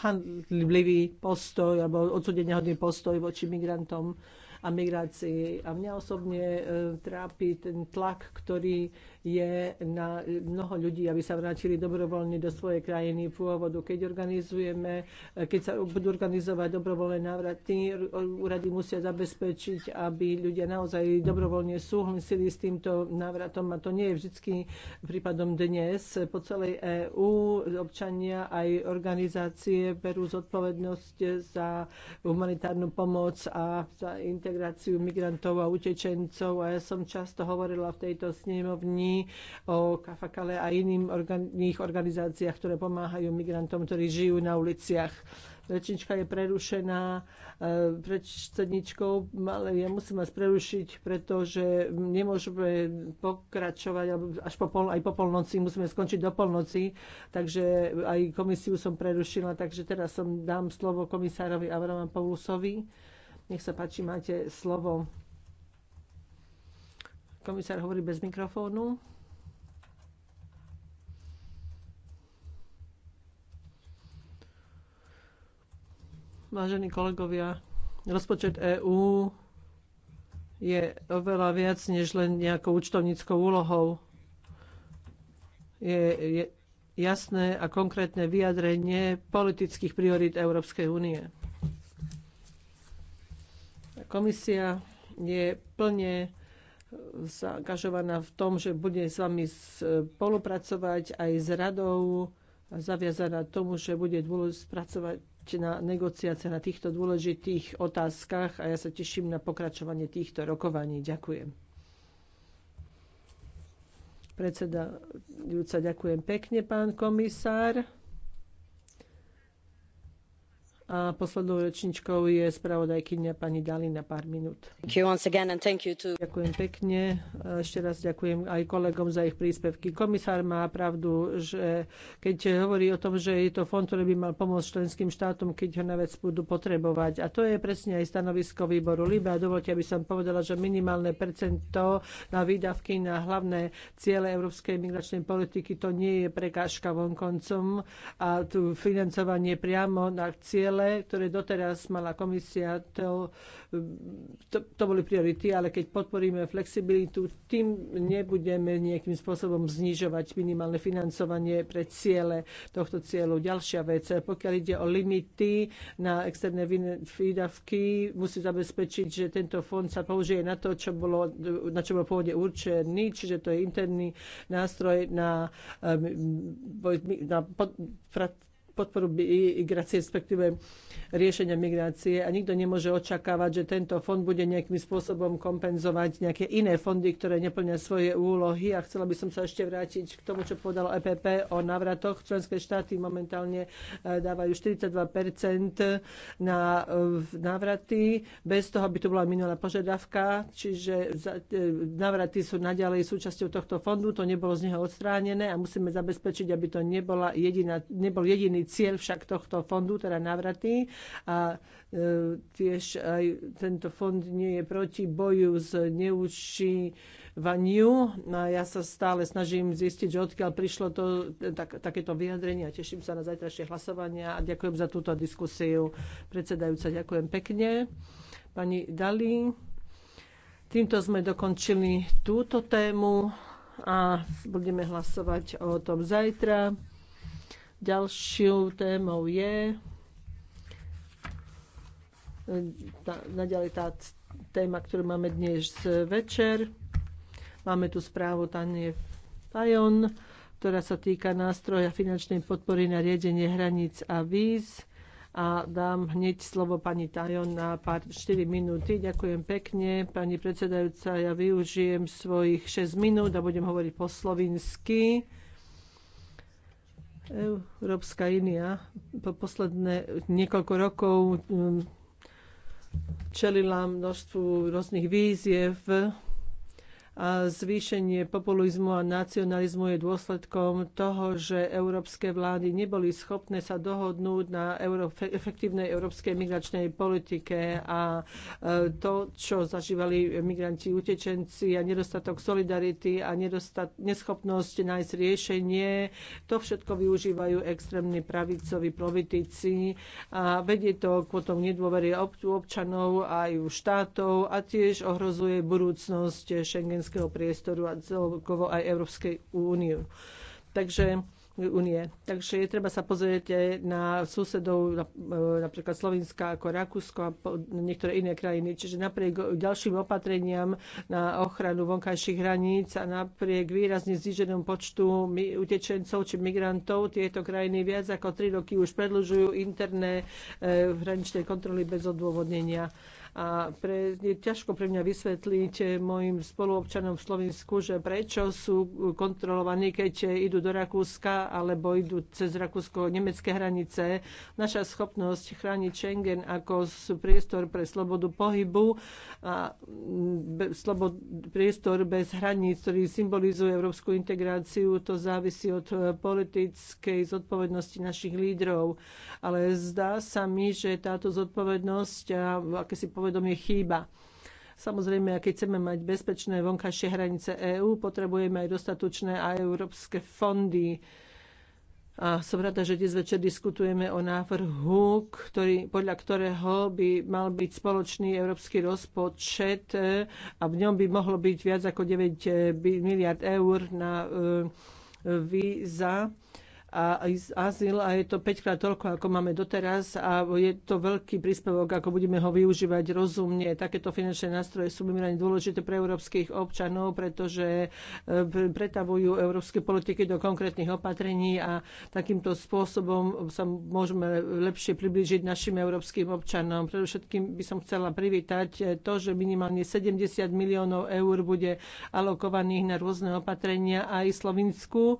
handlivý postoj alebo odsudenia hodný postoj voči migrantom a migrácie. A mňa osobne e, trápi ten tlak, ktorý je na mnoho ľudí, aby sa vrátili dobrovoľne do svojej krajiny pôvodu. Keď organizujeme, keď sa budú organizovať dobrovoľné návraty, úrady musia zabezpečiť, aby ľudia naozaj dobrovoľne súhlasili s týmto návratom a to nie je vždy prípadom dnes. Po celej EÚ občania aj organizácie berú zodpovednosť za humanitárnu pomoc a za integráciu migrantov a utečencov a ja som často hovorila v tejto snemovni o Kafakale a iným organ- iných organizáciách, ktoré pomáhajú migrantom, ktorí žijú na uliciach. Rečnička je prerušená e, predsedničkou, ale ja musím vás prerušiť, pretože nemôžeme pokračovať až po pol, aj po polnoci, musíme skončiť do polnoci, takže aj komisiu som prerušila, takže teraz som dám slovo komisárovi Paulusovi. Nech sa páči, máte slovo. Komisár hovorí bez mikrofónu. Vážení kolegovia, rozpočet EÚ je oveľa viac než len nejakou účtovníckou úlohou. Je, je jasné a konkrétne vyjadrenie politických priorít Európskej únie. Komisia je plne zaangažovaná v tom, že bude s vami e, spolupracovať aj s radou, zaviazaná tomu, že bude spracovať na negociácie na týchto dôležitých otázkach a ja sa teším na pokračovanie týchto rokovaní. Ďakujem. Predseda Júca, ďakujem pekne, pán komisár. A poslednou rečničkou je spravodajkynia pani Dali na pár minút. Ďakujem pekne. Ešte raz ďakujem aj kolegom za ich príspevky. Komisár má pravdu, že keď hovorí o tom, že je to fond, ktorý by mal pomôcť členským štátom, keď ho na vec budú potrebovať. A to je presne aj stanovisko výboru Libe. A dovolte, aby som povedala, že minimálne percento na výdavky na hlavné ciele európskej migračnej politiky to nie je prekážka vonkoncom a tu financovanie priamo na cieľ ciele, ktoré doteraz mala komisia, to, to, to boli priority, ale keď podporíme flexibilitu, tým nebudeme nejakým spôsobom znižovať minimálne financovanie pre ciele tohto cieľu. Ďalšia vec, pokiaľ ide o limity na externé výdavky, musí zabezpečiť, že tento fond sa použije na to, čo bolo, na čo bol pôvodne určený, čiže to je interný nástroj na, um, na, na podporu migrácie, respektíve riešenia migrácie a nikto nemôže očakávať, že tento fond bude nejakým spôsobom kompenzovať nejaké iné fondy, ktoré neplnia svoje úlohy. A chcela by som sa ešte vrátiť k tomu, čo povedal EPP o návratoch. Členské štáty momentálne e, dávajú 42 na e, návraty, bez toho, aby to bola minulá požiadavka, čiže e, návraty sú naďalej súčasťou tohto fondu, to nebolo z neho odstránené a musíme zabezpečiť, aby to nebola jediná, nebol jediný cieľ však tohto fondu, teda navraty. A e, tiež aj tento fond nie je proti boju s neučívaniu. A ja sa stále snažím zistiť, že odkiaľ prišlo to, tak, takéto vyjadrenie a teším sa na zajtrajšie hlasovania a ďakujem za túto diskusiu. Predsedajúca, ďakujem pekne. Pani Dali, týmto sme dokončili túto tému a budeme hlasovať o tom zajtra. Ďalšou témou je e, tá, naďalej tá téma, ktorú máme dnes večer. Máme tu správu Tanie Fajon, ktorá sa týka nástroja finančnej podpory na riedenie hraníc a víz. A dám hneď slovo pani Tajon na pár 4 minúty. Ďakujem pekne. Pani predsedajúca, ja využijem svojich 6 minút a budem hovoriť po slovinsky. Európska inia po posledné niekoľko rokov um, čelila množstvu rôznych výziev a zvýšenie populizmu a nacionalizmu je dôsledkom toho, že európske vlády neboli schopné sa dohodnúť na euro, efektívnej európskej migračnej politike a e, to, čo zažívali migranti, utečenci a nedostatok solidarity a nedostat, neschopnosť nájsť riešenie, to všetko využívajú extrémni pravicoví politici a vedie to k potom nedôvere občanov aj štátov a tiež ohrozuje budúcnosť Schengen šengenského priestoru a celkovo aj Európskej úniu. Takže únie. Takže je treba sa pozrieť aj na susedov, e, napríklad Slovenska ako Rakúsko a niektoré iné krajiny. Čiže napriek ďalším opatreniam na ochranu vonkajších hraníc a napriek výrazne zníženom počtu utečencov či migrantov tieto krajiny viac ako tri roky už predlžujú interné e, hraničné kontroly bez odôvodnenia. A pre, je ťažko pre mňa vysvetliť mojim spoluobčanom v Slovensku, že prečo sú kontrolovaní, keď idú do Rakúska alebo idú cez Rakúsko-nemecké hranice. Naša schopnosť chrániť Schengen ako priestor pre slobodu pohybu a mm, be, slobod, priestor bez hraníc, ktorý symbolizuje európsku integráciu, to závisí od e, politickej zodpovednosti našich lídrov. Ale zdá sa mi, že táto zodpovednosť, a aké si povedomie chýba. Samozrejme, keď chceme mať bezpečné vonkajšie hranice EÚ, potrebujeme aj dostatočné a európske fondy. A som rada, že dnes večer diskutujeme o návrhu, ktorý, podľa ktorého by mal byť spoločný európsky rozpočet e, a v ňom by mohlo byť viac ako 9 miliard eur na e, víza. Uh, a azyl a je to 5 krát toľko, ako máme doteraz a je to veľký príspevok, ako budeme ho využívať rozumne. Takéto finančné nástroje sú mimoriadne dôležité pre európskych občanov, pretože e, pretavujú európske politiky do konkrétnych opatrení a takýmto spôsobom sa môžeme lepšie priblížiť našim európskym občanom. Predovšetkým by som chcela privítať e, to, že minimálne 70 miliónov eur bude alokovaných na rôzne opatrenia aj Slovinsku, e,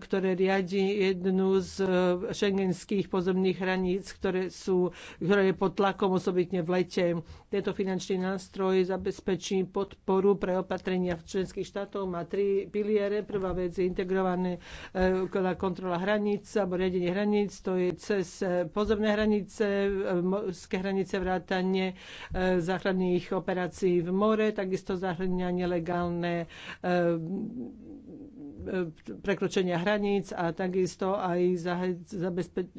ktoré riadi jednu z e, šengenských pozemných hraníc, ktoré, sú, ktoré je pod tlakom osobitne v lete. Tento finančný nástroj zabezpečí podporu pre opatrenia v členských štátov. Má tri piliere. Prvá vec je integrované e, kontrola hraníc alebo riadenie hraníc. To je cez e, pozemné hranice, morské hranice, vrátanie záchranných operácií v more. Takisto zahrňa nelegálne E, prekročenia hraníc a takisto aj zabezpe-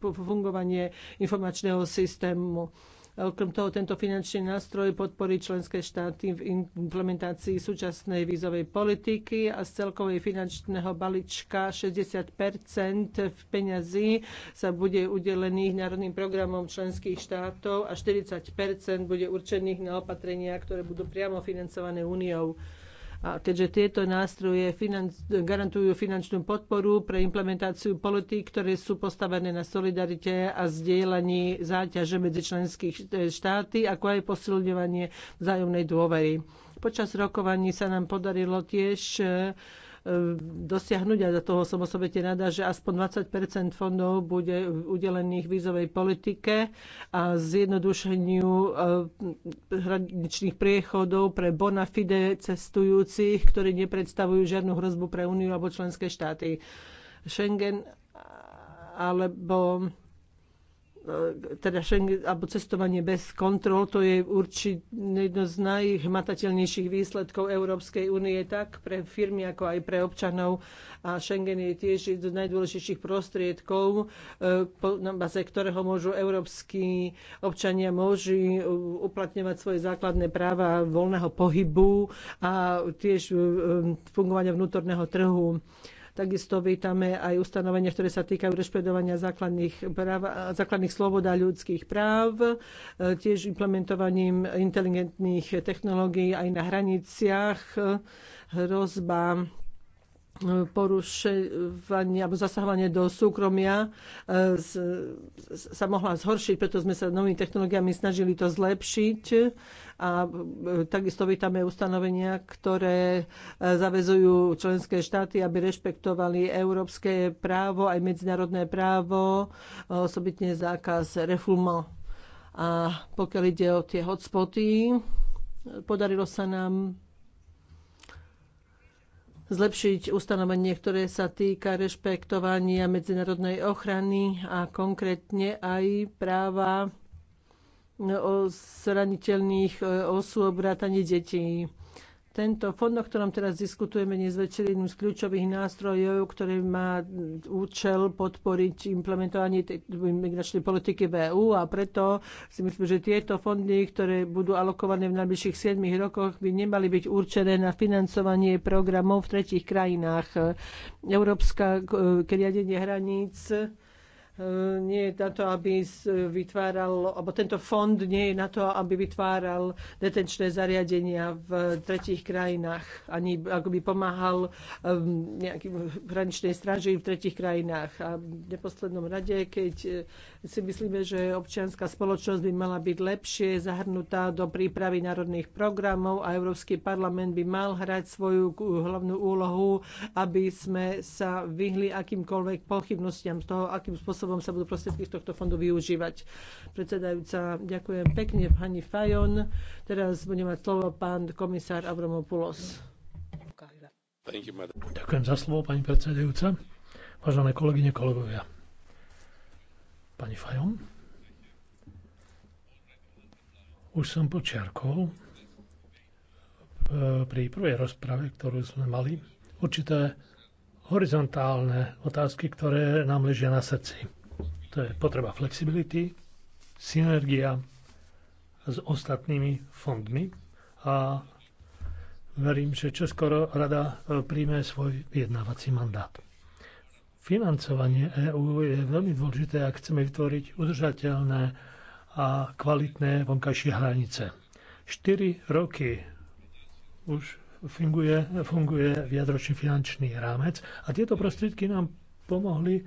fungovanie informačného systému. Okrem toho, tento finančný nástroj podporí členské štáty v implementácii súčasnej vízovej politiky a z celkovej finančného balíčka 60 v peňazí sa bude udelených národným programom členských štátov a 40 bude určených na opatrenia, ktoré budú priamo financované úniou. A keďže tieto nástroje financ- garantujú finančnú podporu pre implementáciu politík, ktoré sú postavené na solidarite a zdieľaní záťaže medzi členských e, štáty, ako aj posilňovanie vzájomnej dôvery. Počas rokovaní sa nám podarilo tiež e, E, dosiahnuť a do toho som osobite rada, že aspoň 20 fondov bude udelených vízovej politike a zjednodušeniu e, hraničných priechodov pre bona fide cestujúcich, ktorí nepredstavujú žiadnu hrozbu pre Úniu alebo členské štáty. Schengen alebo E, teda Schengen, alebo cestovanie bez kontrol, to je určite jedno z najhmatateľnejších výsledkov Európskej únie, tak pre firmy, ako aj pre občanov. A Schengen je tiež jedno z najdôležitejších prostriedkov, e, na base ktorého môžu európsky občania môžu uplatňovať svoje základné práva voľného pohybu a tiež e, fungovania vnútorného trhu. Takisto vítame aj ustanovenia, ktoré sa týkajú rešpedovania základných, práv, základných slobod a ľudských práv, e, tiež implementovaním inteligentných technológií aj na hraniciach, hrozba porušovanie alebo zasahovanie do súkromia e, z, sa mohla zhoršiť, preto sme sa novými technológiami snažili to zlepšiť a e, takisto vítame ustanovenia, ktoré e, zavezujú členské štáty, aby rešpektovali európske právo, aj medzinárodné právo, osobitne zákaz refulmo. A pokiaľ ide o tie hotspoty, podarilo sa nám zlepšiť ustanovenie, ktoré sa týka rešpektovania medzinárodnej ochrany a konkrétne aj práva e, o zraniteľných e, osôb, vrátanie detí. Tento fond, o ktorom teraz diskutujeme, zväčšený jedným z kľúčových nástrojov, ktorý má účel podporiť implementovanie tej migračnej politiky VÚ e a preto si myslím, že tieto fondy, ktoré budú alokované v najbližších 7 rokoch, by nemali byť určené na financovanie programov v tretich krajinách. Európska eh, riadenie hraníc nie je na to, aby vytváral, alebo tento fond nie je na to, aby vytváral detenčné zariadenia v tretích krajinách, ani ako by pomáhal um, nejakým hraničnej stráži v tretích krajinách. A v neposlednom rade, keď si myslíme, že občianská spoločnosť by mala byť lepšie zahrnutá do prípravy národných programov a Európsky parlament by mal hrať svoju hlavnú úlohu, aby sme sa vyhli akýmkoľvek pochybnostiam z toho, akým spôsobom sa budú prostriedky z tohto fondu využívať. Predsedajúca, ďakujem pekne pani Fajon. Teraz bude mať slovo pán komisár Avramopoulos. Ďakujem za slovo, pani predsedajúca. Vážené kolegyne, kolegovia. Pani Fajon? Už som počiarkol eh, pri prvej rozprave, ktorú sme mali, určité horizontálne otázky, ktoré nám ležia na srdci. To je potreba flexibility, synergia s ostatnými fondmi a verím, že čoskoro rada eh, príjme svoj vyjednávací mandát. Financovanie EÚ je veľmi dôležité, ak chceme vytvoriť udržateľné a kvalitné vonkajšie hranice. 4 roky už funguje, funguje viadročný finančný rámec a tieto prostriedky nám pomohli e,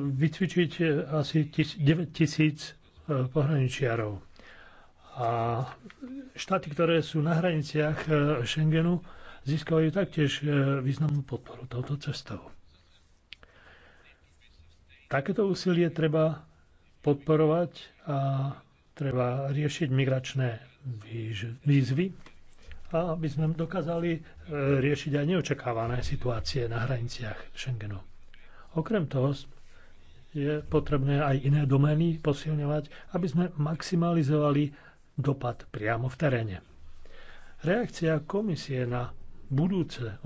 vycvičiť asi 9 tisíc e, pohraničiarov. A štáty, ktoré sú na hraniciach e, Schengenu, získajú taktiež významnú podporu touto cestou. Takéto úsilie treba podporovať a treba riešiť migračné výzvy a aby sme dokázali e, riešiť aj neočakávané situácie na hraniciach Schengenu. Okrem toho je potrebné aj iné domény posilňovať, aby sme maximalizovali dopad priamo v teréne. Reakcia komisie na budúce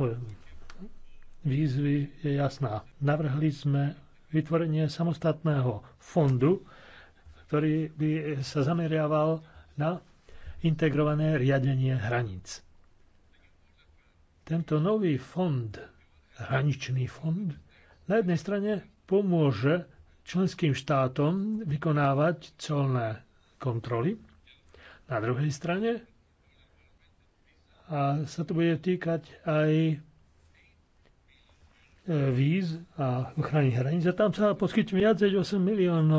výzvy je jasná. Navrhli sme vytvorenie samostatného fondu, ktorý by sa zameriaval na integrované riadenie hraníc. Tento nový fond, hraničný fond, na jednej strane pomôže členským štátom vykonávať colné kontroly, na druhej strane a sa to bude týkať aj E, víz a ochrany hraníc. A tam sa poskytuje viac 8, milión,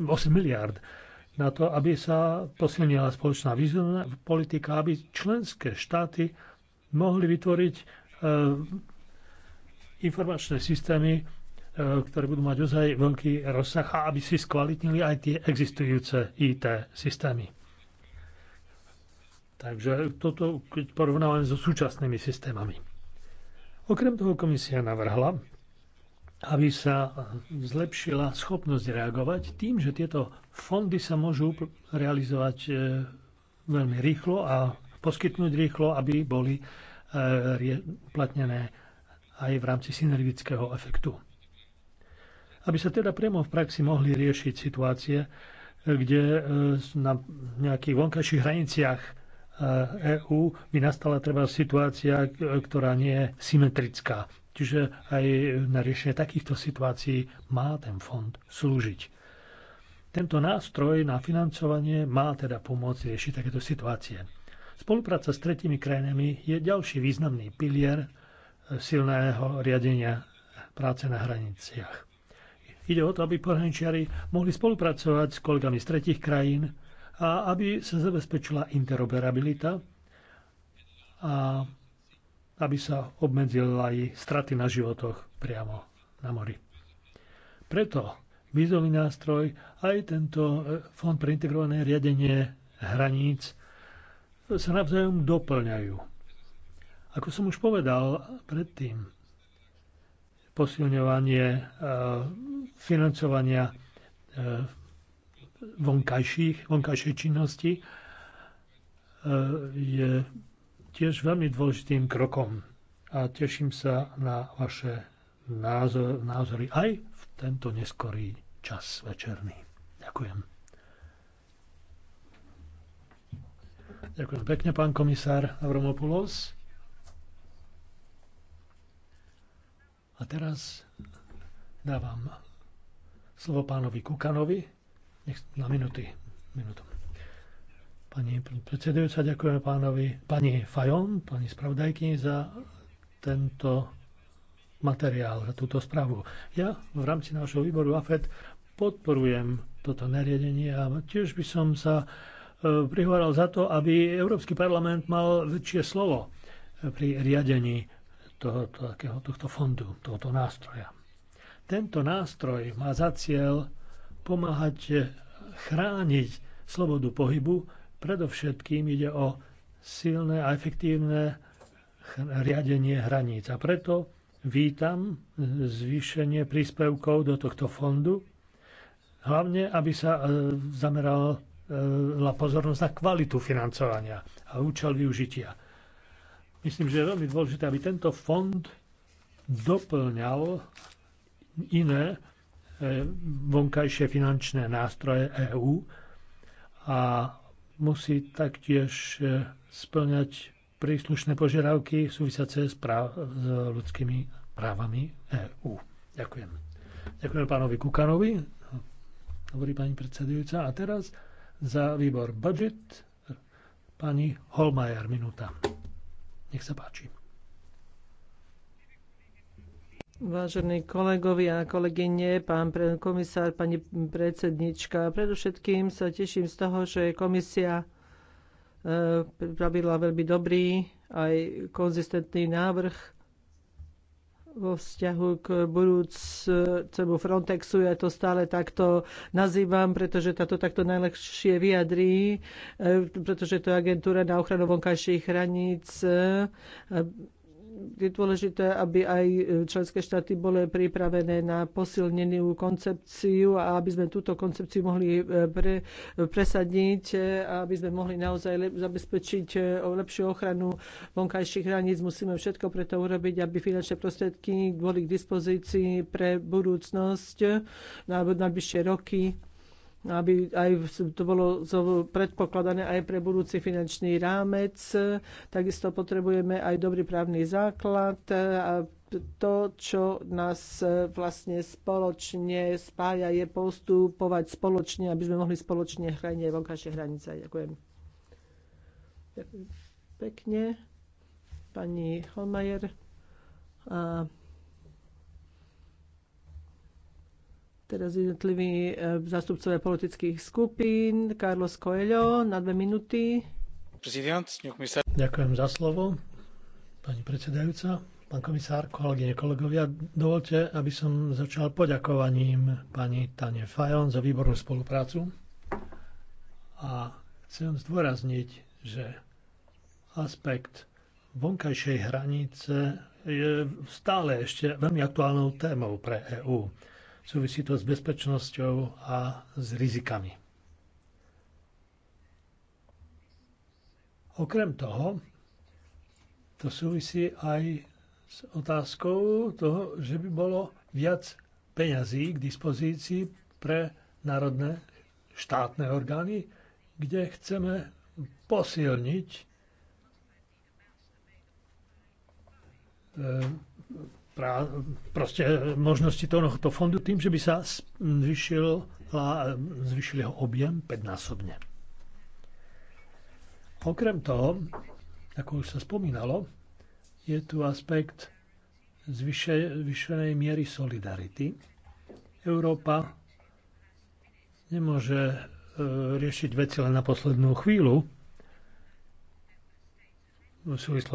8 e, miliard na to, aby sa posilnila spoločná vízová politika, aby členské štáty mohli vytvoriť e, informačné systémy, ktoré budú mať ozaj veľký rozsah a aby si skvalitnili aj tie existujúce IT systémy. Takže toto keď so súčasnými systémami. Okrem toho komisia navrhla, aby sa zlepšila schopnosť reagovať tým, že tieto fondy sa môžu realizovať e, veľmi rýchlo a poskytnúť rýchlo, aby boli e, uplatnené aj v rámci synergického efektu. Aby sa teda priamo v praxi mohli riešiť situácie, e, kde na nejakých vonkajších hraniciach EÚ e by nastala treba situácia, ktorá nie je symetrická. Čiže aj na riešenie takýchto situácií má ten fond slúžiť. Tento nástroj na financovanie má teda pomôcť riešiť takéto situácie. Spolupráca s tretimi krajinami je ďalší významný pilier e, silného riadenia práce na hraniciach. Ide o to, aby pohraničiari mohli spolupracovať s kolegami z tretich krajín a aby sa zabezpečila interoperabilita a aby sa obmedzila aj straty na životoch priamo na mori. Preto vízový nástroj aj tento e, fond pre integrované riadenie hraníc sa navzájom doplňajú. Ako som už povedal predtým, posilňovanie e, financovania e, vonkajších, vonkajšej činnosti e, je tiež veľmi dôležitým krokom a teším sa na vaše názor, názory aj v tento neskorý čas večerný. Ďakujem. Ďakujem pekne, pán komisár Avromopoulos. A teraz dávam slovo pánovi Kukanovi, nech, na minuty. Minútu. Pani predsedujúca, ďakujem pánovi, pani Fajon, pani spravodajky za tento materiál, za túto správu. Ja v rámci nášho výboru AFED podporujem toto nariadenie a tiež by som sa e, prihovoril za to, aby Európsky parlament mal väčšie slovo e, pri riadení tohoto, tohto fondu, tohoto nástroja. Tento nástroj má za cieľ pomáhať eh, chrániť slobodu pohybu. Predovšetkým ide o silné a efektívne riadenie hraníc. A preto vítam eh, zvýšenie príspevkov do tohto fondu, hlavne aby sa eh, zamerala pozornosť na kvalitu financovania a účel využitia. Myslím, že je veľmi dôležité, aby tento fond doplňal iné E, vonkajšie finančné nástroje EÚ a musí taktiež e, splňať príslušné požiadavky súvisiace s, práv- s ľudskými právami EÚ. Ďakujem. Ďakujem pánovi Kukanovi, hovorí pani predsedujúca. A teraz za výbor budget pani Holmajer minúta. Nech sa páči. Vážení kolegovi a kolegyne, pán komisár, pani predsednička, predovšetkým sa teším z toho, že komisia e, pripravila veľmi dobrý aj konzistentný návrh vo vzťahu k budúcemu Frontexu. Ja to stále takto nazývam, pretože táto takto najlepšie vyjadrí, e, pretože to je agentúra na ochranu vonkajších hraníc e, je dôležité, aby aj e, členské štáty boli pripravené na posilnenú koncepciu a aby sme túto koncepciu mohli e, pre, presadiť, e, aby sme mohli naozaj lep, zabezpečiť lepšiu ochranu vonkajších hraníc. Musíme všetko preto urobiť, aby finančné prostriedky boli k dispozícii pre budúcnosť na najbližšie roky. No, aby aj to bolo predpokladané aj pre budúci finančný rámec. Takisto potrebujeme aj dobrý právny základ e, a to, čo nás e, vlastne spoločne spája, je postupovať spoločne, aby sme mohli spoločne chrániť aj vonkajšie hranice. Ďakujem. Ďakujem pekne. Pani Holmajer. A Teraz jednotliví e, zastupcovia politických skupín. Carlos Coelho na dve minúty. Ďakujem za slovo, pani predsedajúca. Pán komisár, kolegyne, kolegovia, dovolte, aby som začal poďakovaním pani Tane Fajon za výbornú spoluprácu. A chcem zdôrazniť, že aspekt vonkajšej hranice je stále ešte veľmi aktuálnou témou pre EÚ. Súvisí to s bezpečnosťou a s rizikami. Okrem toho, to súvisí aj s otázkou toho, že by bolo viac peňazí k dispozícii pre národné štátne orgány, kde chceme posilniť e, pra, proste možnosti tohoto fondu tým, že by sa zvyšil, zvyšil jeho objem 5-násobne. Okrem toho, ako už sa spomínalo, je tu aspekt zvyše, zvyšenej miery solidarity. Európa nemôže e, riešiť veci len na poslednú chvíľu v súvislosti